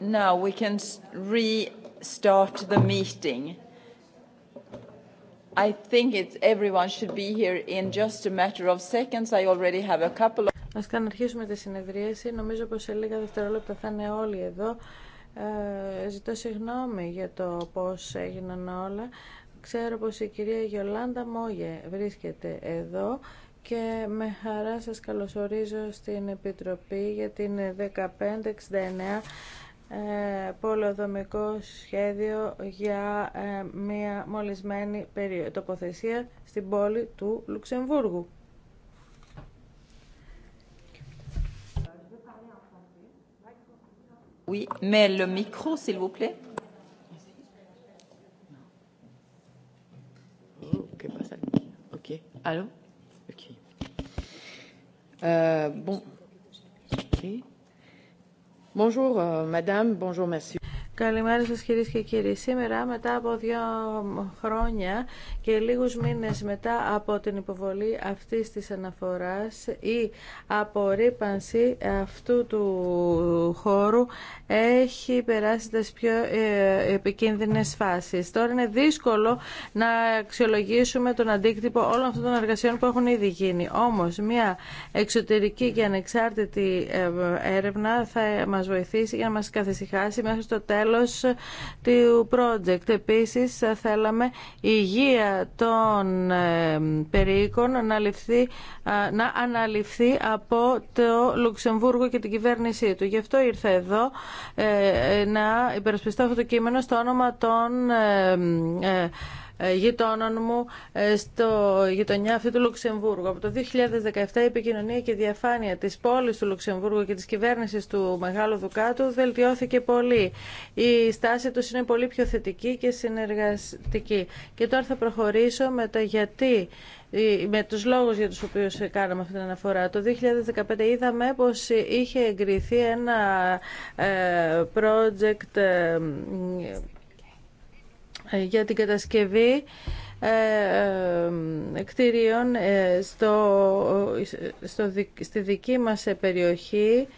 Now we can restart the meeting. I think it's everyone should be here in just a matter of seconds. I already have a couple of... Ας ξαναρχίσουμε τη συνεδρίαση. Νομίζω πως σε λίγα δευτερόλεπτα θα είναι όλοι εδώ. Ε, ζητώ συγγνώμη για το πώς έγιναν όλα. Ξέρω πως η κυρία Γιολάντα Μόγε βρίσκεται εδώ και με χαρά σας καλωσορίζω στην Επιτροπή για την 1569 ε, πολεοδομικό σχέδιο για ε, μια μολυσμένη τοποθεσία στην πόλη του Λουξεμβούργου. Oui, mais le micro, s'il vous plaît. Oh, pas Bonjour, madame. Bonjour, monsieur. Καλημέρα σας κυρίες και κύριοι. Σήμερα μετά από δύο χρόνια και λίγους μήνες μετά από την υποβολή αυτής της αναφοράς η απορρίπανση αυτού του χώρου έχει περάσει τις πιο ε, επικίνδυνες φάσεις. Τώρα είναι δύσκολο να αξιολογήσουμε τον αντίκτυπο όλων αυτών των εργασιών που έχουν ήδη γίνει. Όμως μια εξωτερική και ανεξάρτητη ε, έρευνα θα μας βοηθήσει για να μας καθησυχάσει μέχρι στο τέλος το του project. Επίσης θέλαμε η υγεία των ε, περίοικων να, να αναλυφθεί από το Λουξεμβούργο και την κυβέρνησή του. Γι' αυτό ήρθα εδώ ε, να υπερασπιστώ αυτό το κείμενο στο όνομα των ε, ε, γειτόνων μου ε, στο γειτονιά αυτή του Λουξεμβούργου. Από το 2017 η επικοινωνία και η διαφάνεια της πόλης του Λουξεμβούργου και της κυβέρνησης του Μεγάλου Δουκάτου βελτιώθηκε πολύ. Η στάση τους είναι πολύ πιο θετική και συνεργαστική. Και τώρα θα προχωρήσω με τα γιατί με τους λόγους για τους οποίους κάναμε αυτή την αναφορά. Το 2015 είδαμε πως είχε εγκριθεί ένα ε, project ε, για την κατασκευή ε, ε, κτηρίων στο, στο, στη δική μας περιοχή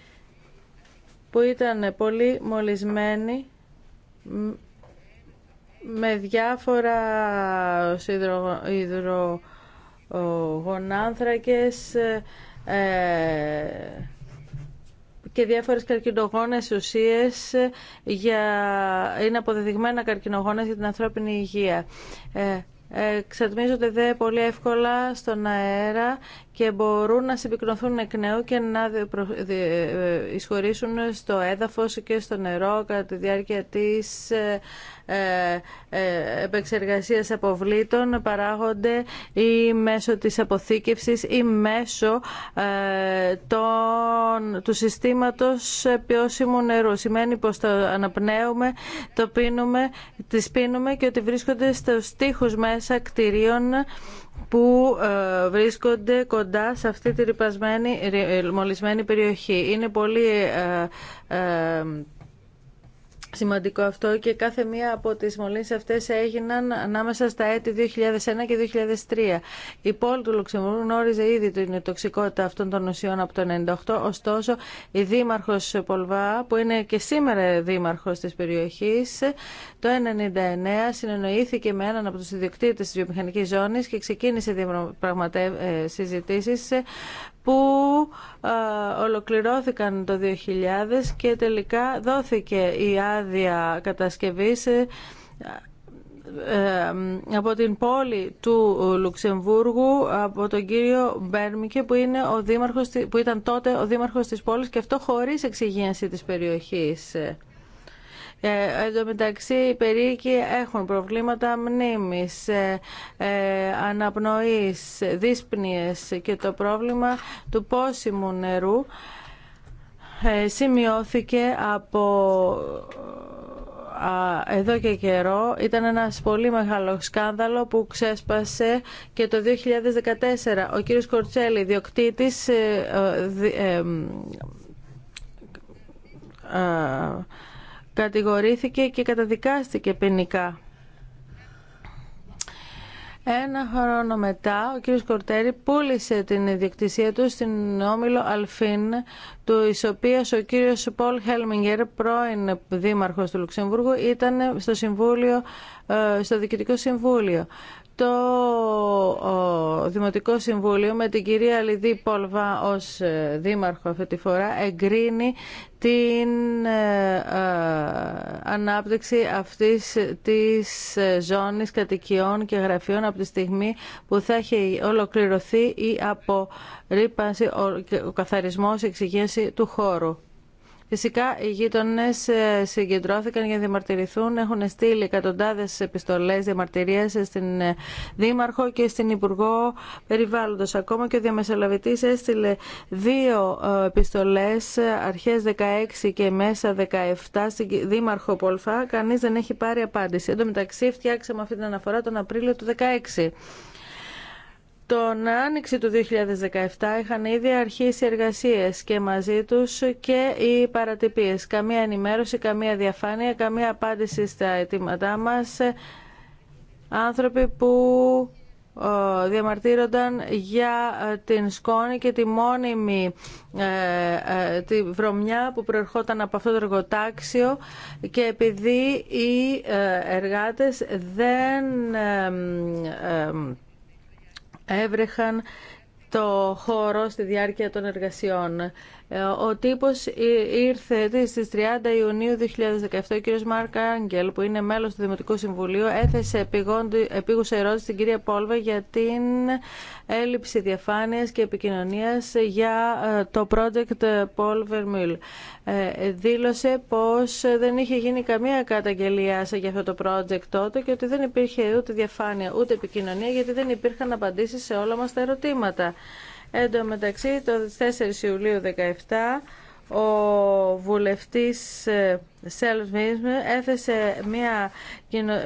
που ήταν πολύ μολυσμένη με διάφορα υδρο, υδρογονάνθρακες ε, και διάφορες καρκινογόνες ουσίες για... είναι αποδεδειγμένα καρκινογόνες για την ανθρώπινη υγεία. Ε, Ξατμίζονται δε πολύ εύκολα στον αέρα και μπορούν να συμπυκνωθούν εκ νέου και να ε, εισχωρήσουν στο έδαφος και στο νερό κατά τη διάρκεια της ε, ε, επεξεργασίας αποβλήτων παράγονται ή μέσω της αποθήκευσης ή μέσω του συστήματος ποιόσιμου νερού. Σημαίνει πως το αναπνέουμε, το πίνουμε, τις πίνουμε και ότι βρίσκονται στους στίχους μέσα κτηρίων που ε, βρίσκονται κοντά σε αυτή τη ρυπασμένη, ε, μολυσμένη περιοχή. Είναι πολύ ε, σημαντικό αυτό και κάθε μία από τις μολύνσεις αυτές έγιναν ανάμεσα στα έτη 2001 και 2003. Η πόλη του Λουξεμβούργου γνώριζε ήδη την τοξικότητα αυτών των ουσιών από το 1998, ωστόσο η δήμαρχος Πολβά, που είναι και σήμερα δήμαρχος της περιοχής, το 1999 συνεννοήθηκε με έναν από τους ιδιοκτήτες της βιομηχανικής ζώνης και ξεκίνησε ε, συζητήσεις ε, που ε, ολοκληρώθηκαν το 2000 και τελικά δόθηκε η άδεια κατασκευής ε, ε, από την πόλη του Λουξεμβούργου από τον κύριο Μπέρμικε που, είναι που ήταν τότε ο δήμαρχος της πόλης και αυτό χωρίς εξυγίανση της περιοχής. Ε, εν τω μεταξύ οι περίοικοι έχουν προβλήματα μνήμης, ε, ε, αναπνοής, δύσπνιες και το πρόβλημα του πόσιμου νερού ε, σημειώθηκε από εδώ και καιρό ήταν ένας πολύ μεγάλο σκάνδαλο που ξέσπασε και το 2014 ο κύριος Κορτσέλη διοκτήτης ε, ε, κατηγορήθηκε και καταδικάστηκε ποινικά. Ένα χρόνο μετά, ο κύριος Κορτέρη πούλησε την ιδιοκτησία του στην Όμιλο Αλφίν, του οποία ο κύριος Πολ Χέλμιγκερ, πρώην δήμαρχος του Λουξεμβούργου, ήταν στο, συμβούλιο, ε, στο Διοικητικό Συμβούλιο το Δημοτικό Συμβούλιο με την κυρία Λιδή Πόλβα ως ε, δήμαρχο αυτή τη φορά εγκρίνει την ε, ε, ανάπτυξη αυτής της ζώνης κατοικιών και γραφείων από τη στιγμή που θα έχει ολοκληρωθεί η απορρίπανση, ο καθαρισμός, η εξηγήση του χώρου. Φυσικά οι γείτονε ε, συγκεντρώθηκαν για να διαμαρτυρηθούν. Έχουν στείλει εκατοντάδε επιστολέ διαμαρτυρία στην ε, Δήμαρχο και στην Υπουργό Περιβάλλοντο. Ακόμα και ο διαμεσολαβητή έστειλε δύο ε, επιστολέ αρχέ 16 και μέσα 17 στην Δήμαρχο Πολφά. Κανεί δεν έχει πάρει απάντηση. Εν τω μεταξύ φτιάξαμε αυτή την αναφορά τον Απρίλιο του 2016. Τον Άνοιξη του 2017 είχαν ήδη αρχίσει οι εργασίες και μαζί τους και οι παρατυπίες. Καμία ενημέρωση, καμία διαφάνεια, καμία απάντηση στα αιτήματά μας. Άνθρωποι που διαμαρτύρονταν για ε, την σκόνη και τη μόνιμη ε, ε, τη βρωμιά που προερχόταν από αυτό το εργοτάξιο και επειδή οι εργάτες δεν έβρεχαν το χώρο στη διάρκεια των εργασιών. Ε, ο τύπος ήρθε στις 30 Ιουνίου 2017. Ο κ. Μάρκ Άγγελ, που είναι μέλος του Δημοτικού Συμβουλίου, έθεσε επίγουσα ερώτηση στην κυρία Πόλβα για την έλλειψη διαφάνειας και επικοινωνίας για ε, το project Paul ε, Δήλωσε πως δεν είχε γίνει καμία καταγγελία για αυτό το project τότε και ότι δεν υπήρχε ούτε διαφάνεια ούτε επικοινωνία γιατί δεν υπήρχαν απαντήσεις σε όλα μας τα ερωτήματα. Εν τω μεταξύ, το 4 Ιουλίου 2017, ο βουλευτής ε, Σελος μίσμε, έθεσε μια,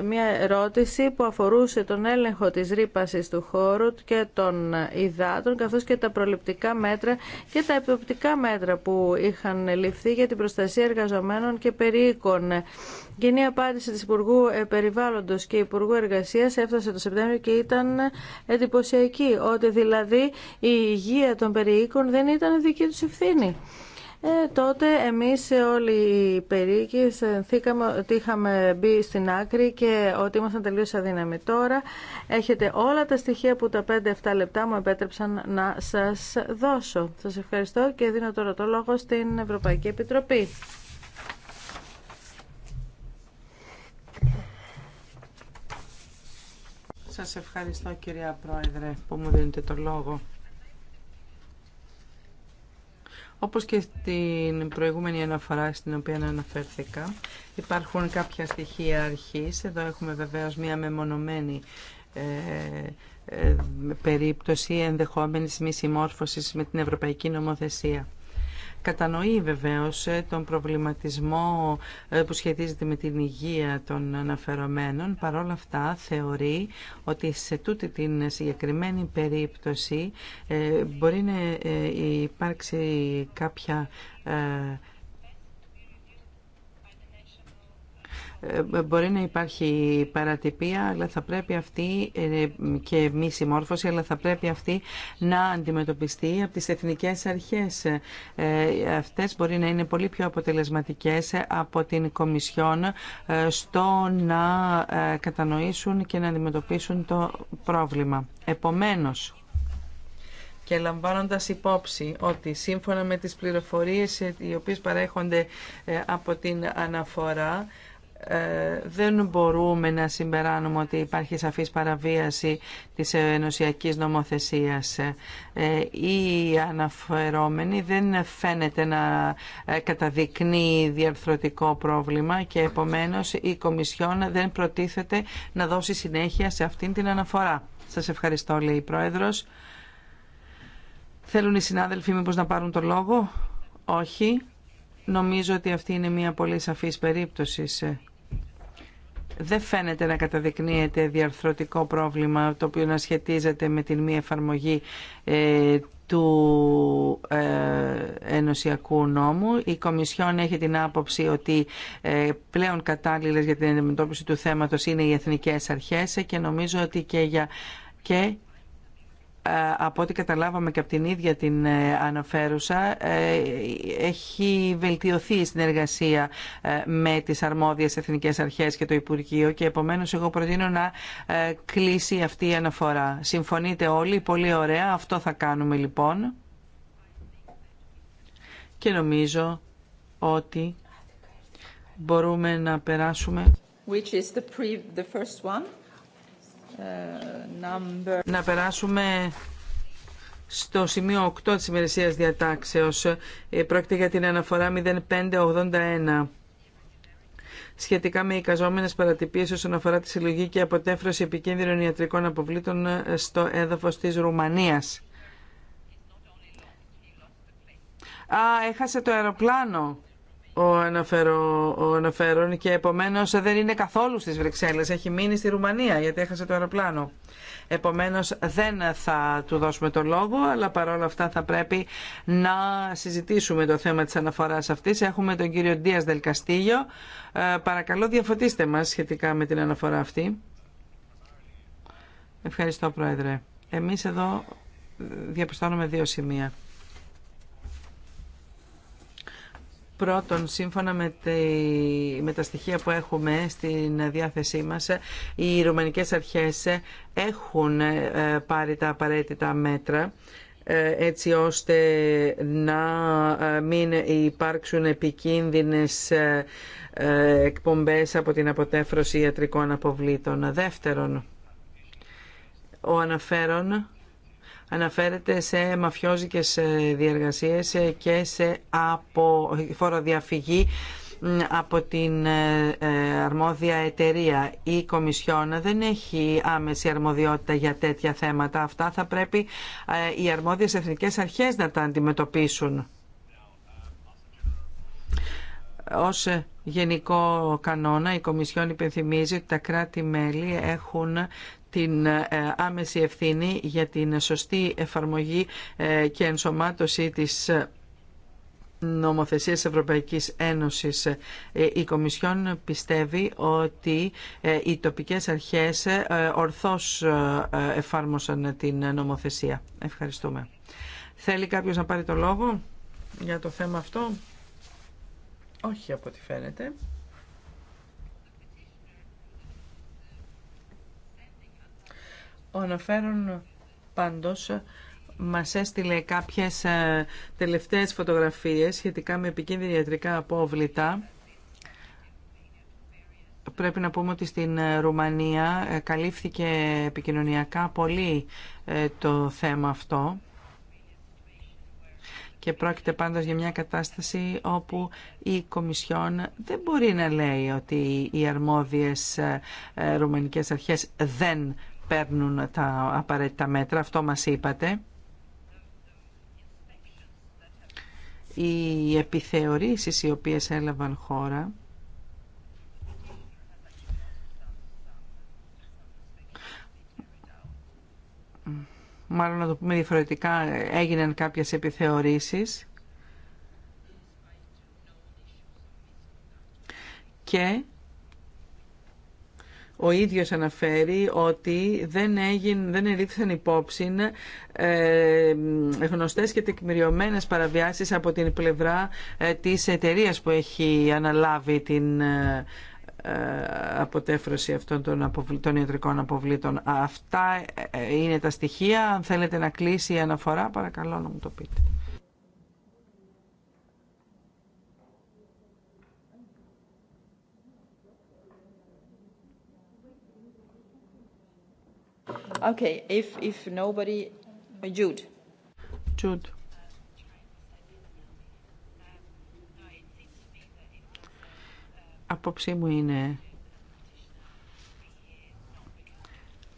μια ερώτηση που αφορούσε τον έλεγχο της ρήπασης του χώρου και των υδάτων καθώς και τα προληπτικά μέτρα και τα επιοπτικά μέτρα που είχαν ληφθεί για την προστασία εργαζομένων και περίοικων. Κοινή απάντηση της Υπουργού Περιβάλλοντος και Υπουργού Εργασίας έφτασε το Σεπτέμβριο και ήταν εντυπωσιακή ότι δηλαδή η υγεία των περιοίκων δεν ήταν δική τους ευθύνη. Ε, τότε εμείς όλοι οι περίκοι θήκαμε ότι είχαμε μπει στην άκρη και ότι ήμασταν τελείως αδύναμοι. Τώρα έχετε όλα τα στοιχεία που τα 5-7 λεπτά μου επέτρεψαν να σας δώσω. Σας ευχαριστώ και δίνω τώρα το λόγο στην Ευρωπαϊκή Επιτροπή. Σας ευχαριστώ κυρία Πρόεδρε που μου δίνετε το λόγο. Όπως και στην προηγούμενη αναφορά στην οποία αναφέρθηκα, υπάρχουν κάποια στοιχεία αρχής. Εδώ έχουμε βεβαίως μία μεμονωμένη ε, ε, περίπτωση ενδεχόμενης μη συμμόρφωσης με την Ευρωπαϊκή Νομοθεσία. Κατανοεί βεβαίως ε, τον προβληματισμό ε, που σχετίζεται με την υγεία των αναφερομένων. Παρ' όλα αυτά θεωρεί ότι σε τούτη την συγκεκριμένη περίπτωση ε, μπορεί να υπάρξει κάποια Ε, μπορεί να υπάρχει παρατυπία, αλλά θα πρέπει αυτή ε, και μη συμμόρφωση, αλλά θα πρέπει αυτή να αντιμετωπιστεί από τις εθνικές αρχές. Ε, αυτές μπορεί να είναι πολύ πιο αποτελεσματικές από την Κομισιόν στο να κατανοήσουν και να αντιμετωπίσουν το πρόβλημα. Επομένως, και λαμβάνοντας υπόψη ότι σύμφωνα με τις πληροφορίες οι οποίες παρέχονται από την αναφορά ε, δεν μπορούμε να συμπεράνουμε ότι υπάρχει σαφής παραβίαση της ενωσιακής νομοθεσίας. Η ε, αναφερόμενη δεν φαίνεται να ε, καταδεικνύει διαρθρωτικό πρόβλημα και επομένως η Κομισιόν δεν προτίθεται να δώσει συνέχεια σε αυτήν την αναφορά. Σας ευχαριστώ, λέει η Πρόεδρος. Θέλουν οι συνάδελφοι μήπως να πάρουν το λόγο. Όχι. Νομίζω ότι αυτή είναι μια πολύ σαφής περίπτωση δεν φαίνεται να καταδεικνύεται διαρθρωτικό πρόβλημα το οποίο να σχετίζεται με την μη εφαρμογή ε, του ε, ενωσιακού νόμου. Η Κομισιόν έχει την άποψη ότι ε, πλέον κατάλληλες για την αντιμετώπιση του θέματος είναι οι εθνικές αρχές και νομίζω ότι και για και ε, από ό,τι καταλάβαμε και από την ίδια την ε, αναφέρουσα, ε, έχει βελτιωθεί η συνεργασία με τις αρμόδιες εθνικές αρχές και το Υπουργείο και επομένως εγώ προτείνω να κλείσει αυτή η αναφορά. Συμφωνείτε όλοι, πολύ ωραία, αυτό θα κάνουμε λοιπόν. Και νομίζω ότι μπορούμε να περάσουμε... is the, the first να περάσουμε στο σημείο 8 της ημερησίας διατάξεως. Ε, πρόκειται για την αναφορά 0581 σχετικά με εικαζόμενες παρατυπίες όσον αφορά τη συλλογή και αποτέφρωση επικίνδυνων ιατρικών αποβλήτων ε, στο έδαφος της Ρουμανίας. Α, έχασε το αεροπλάνο ο, ο αναφέρον και επομένω δεν είναι καθόλου στις Βρυξέλλε. Έχει μείνει στη Ρουμανία γιατί έχασε το αεροπλάνο. Επομένως δεν θα του δώσουμε το λόγο, αλλά παρόλα αυτά θα πρέπει να συζητήσουμε το θέμα της αναφοράς αυτής. Έχουμε τον κύριο Ντίας Δελκαστήγιο. Ε, παρακαλώ διαφωτίστε μας σχετικά με την αναφορά αυτή. Ευχαριστώ Πρόεδρε. Εμείς εδώ διαπιστώνουμε δύο σημεία. Πρώτον, σύμφωνα με, τη, τα στοιχεία που έχουμε στην διάθεσή μας, οι ρουμανικές αρχές έχουν ε, πάρει τα απαραίτητα μέτρα ε, έτσι ώστε να ε, μην υπάρξουν επικίνδυνες εκπομπές από την αποτέφρωση ιατρικών αποβλήτων. Δεύτερον, ο αναφέρον αναφέρεται σε μαφιόζικες ε, διεργασίες ε, και σε απο... φοροδιαφυγή από την ε, αρμόδια εταιρεία. Η Κομισιόν δεν έχει άμεση αρμοδιότητα για τέτοια θέματα. Αυτά θα πρέπει οι αρμόδιες εθνικές αρχές να τα αντιμετωπίσουν. Ως γενικό κανόνα, η Κομισιόν υπενθυμίζει ότι τα κράτη-μέλη έχουν την ε, άμεση ευθύνη για την σωστή εφαρμογή ε, και ενσωμάτωση της νομοθεσίας Ευρωπαϊκής Ένωσης. Ε, η Κομισιόν πιστεύει ότι οι τοπικές αρχές ορθώς εφάρμοσαν την νομοθεσία. Ευχαριστούμε. Θέλει κάποιος να πάρει το λόγο για το θέμα αυτό. Όχι από ό,τι φαίνεται. Ο αναφέρον πάντως μας έστειλε κάποιες ε, τελευταίες φωτογραφίες σχετικά με επικίνδυνη ιατρικά απόβλητα. Πρέπει να πούμε ότι στην ε, Ρουμανία ε, καλύφθηκε επικοινωνιακά πολύ το θέμα αυτό και πρόκειται πάντως για μια κατάσταση όπου η Κομισιόν δεν μπορεί να λέει ότι οι αρμόδιες ρουμανικές αρχές δεν παίρνουν τα απαραίτητα μέτρα, αυτό μας είπατε. Οι επιθεωρήσεις οι οποίες έλαβαν χώρα μάλλον να το πούμε διαφορετικά, έγιναν κάποιες επιθεωρήσεις και ο ίδιος αναφέρει ότι δεν, έγινε, δεν ελήφθησαν υπόψη ε, γνωστές και τεκμηριωμένες παραβιάσεις από την πλευρά ε, της εταιρείας που έχει αναλάβει την ε, ε, αποτέφρωση αυτών των, των ιατρικών αποβλήτων. Αυτά είναι τα στοιχεία. Αν θέλετε να κλείσει η αναφορά, παρακαλώ να μου το πείτε. Okay, if, if nobody... Jude. Jude. Απόψη μου είναι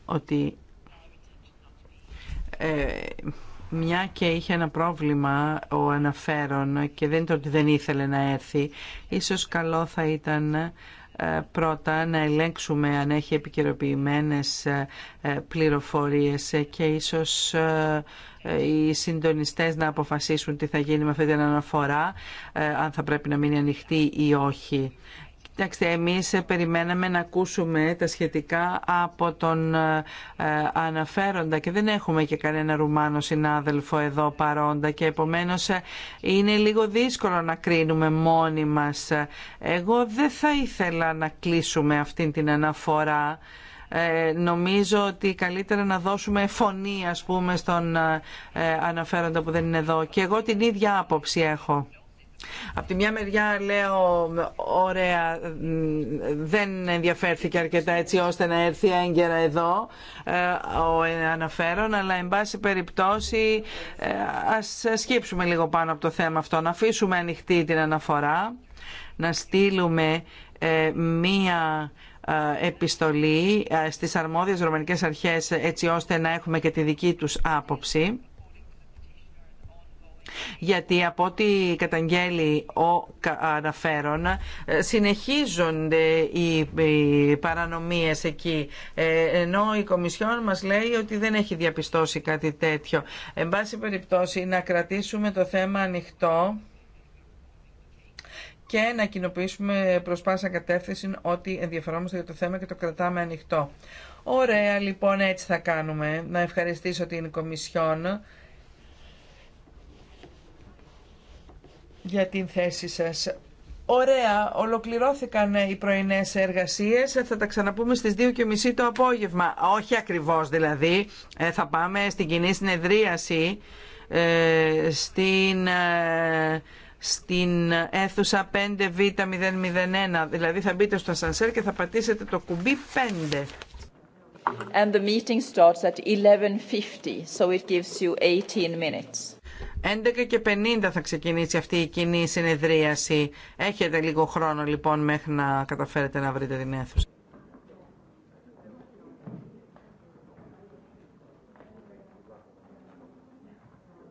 ότι ε, μια και είχε ένα πρόβλημα ο αναφέρον και δεν ήταν ότι δεν ήθελε να έρθει, ίσως καλό θα ήταν ε, πρώτα να ελέγξουμε αν έχει επικαιροποιημένες ε, ε, πληροφορίες και ίσως οι συντονιστές να αποφασίσουν τι θα γίνει με αυτή την αναφορά, αν θα πρέπει να μείνει ανοιχτή ή όχι. Κοιτάξτε, εμείς περιμέναμε να ακούσουμε τα σχετικά από τον ε, αναφέροντα και δεν έχουμε και κανένα Ρουμάνο συνάδελφο εδώ παρόντα και επομένως ε, είναι λίγο δύσκολο να κρίνουμε μόνοι μας. Εγώ δεν θα ήθελα να κλείσουμε αυτή την αναφορά. Ε, νομίζω ότι καλύτερα να δώσουμε φωνή ας πούμε στον αναφέροντα που δεν είναι εδώ και εγώ την ίδια άποψη έχω. Από τη μια μεριά λέω ωραία δεν ενδιαφέρθηκε αρκετά έτσι ώστε να έρθει έγκαιρα εδώ ε, ο αναφέρον αλλά εν πάση περιπτώσει ε, ας σκύψουμε λίγο πάνω από το θέμα αυτό να αφήσουμε ανοιχτή την αναφορά να στείλουμε ε, μία επιστολή στις αρμόδιες ρωμανικές αρχές έτσι ώστε να έχουμε και τη δική τους άποψη γιατί από ό,τι καταγγέλει ο αναφέρον ε, συνεχίζονται οι παρανομίες εκεί ε, ενώ η Κομισιόν μας λέει ότι δεν έχει διαπιστώσει κάτι τέτοιο. Εν πάση περιπτώσει να κρατήσουμε το θέμα ανοιχτό και να κοινοποιήσουμε προς πάσα κατεύθυνση ότι ενδιαφερόμαστε για το θέμα και το κρατάμε ανοιχτό. Ωραία, λοιπόν, έτσι θα κάνουμε. Να ευχαριστήσω την Κομισιόν για την θέση σας. Ωραία, ολοκληρώθηκαν οι πρωινέ εργασίε. Θα τα ξαναπούμε στις 2.30 το απόγευμα. Όχι ακριβώ, δηλαδή. Ε, θα πάμε στην κοινή συνεδρίαση ε, στην, ε, στην αίθουσα 5Β001. Δηλαδή θα μπείτε στο σανσέρ και θα πατήσετε το κουμπί 5. And the meeting starts at 11.50, so it gives you 18 minutes. 11 και 50 θα ξεκινήσει αυτή η κοινή συνεδρίαση. Έχετε λίγο χρόνο λοιπόν μέχρι να καταφέρετε να βρείτε την αίθουσα.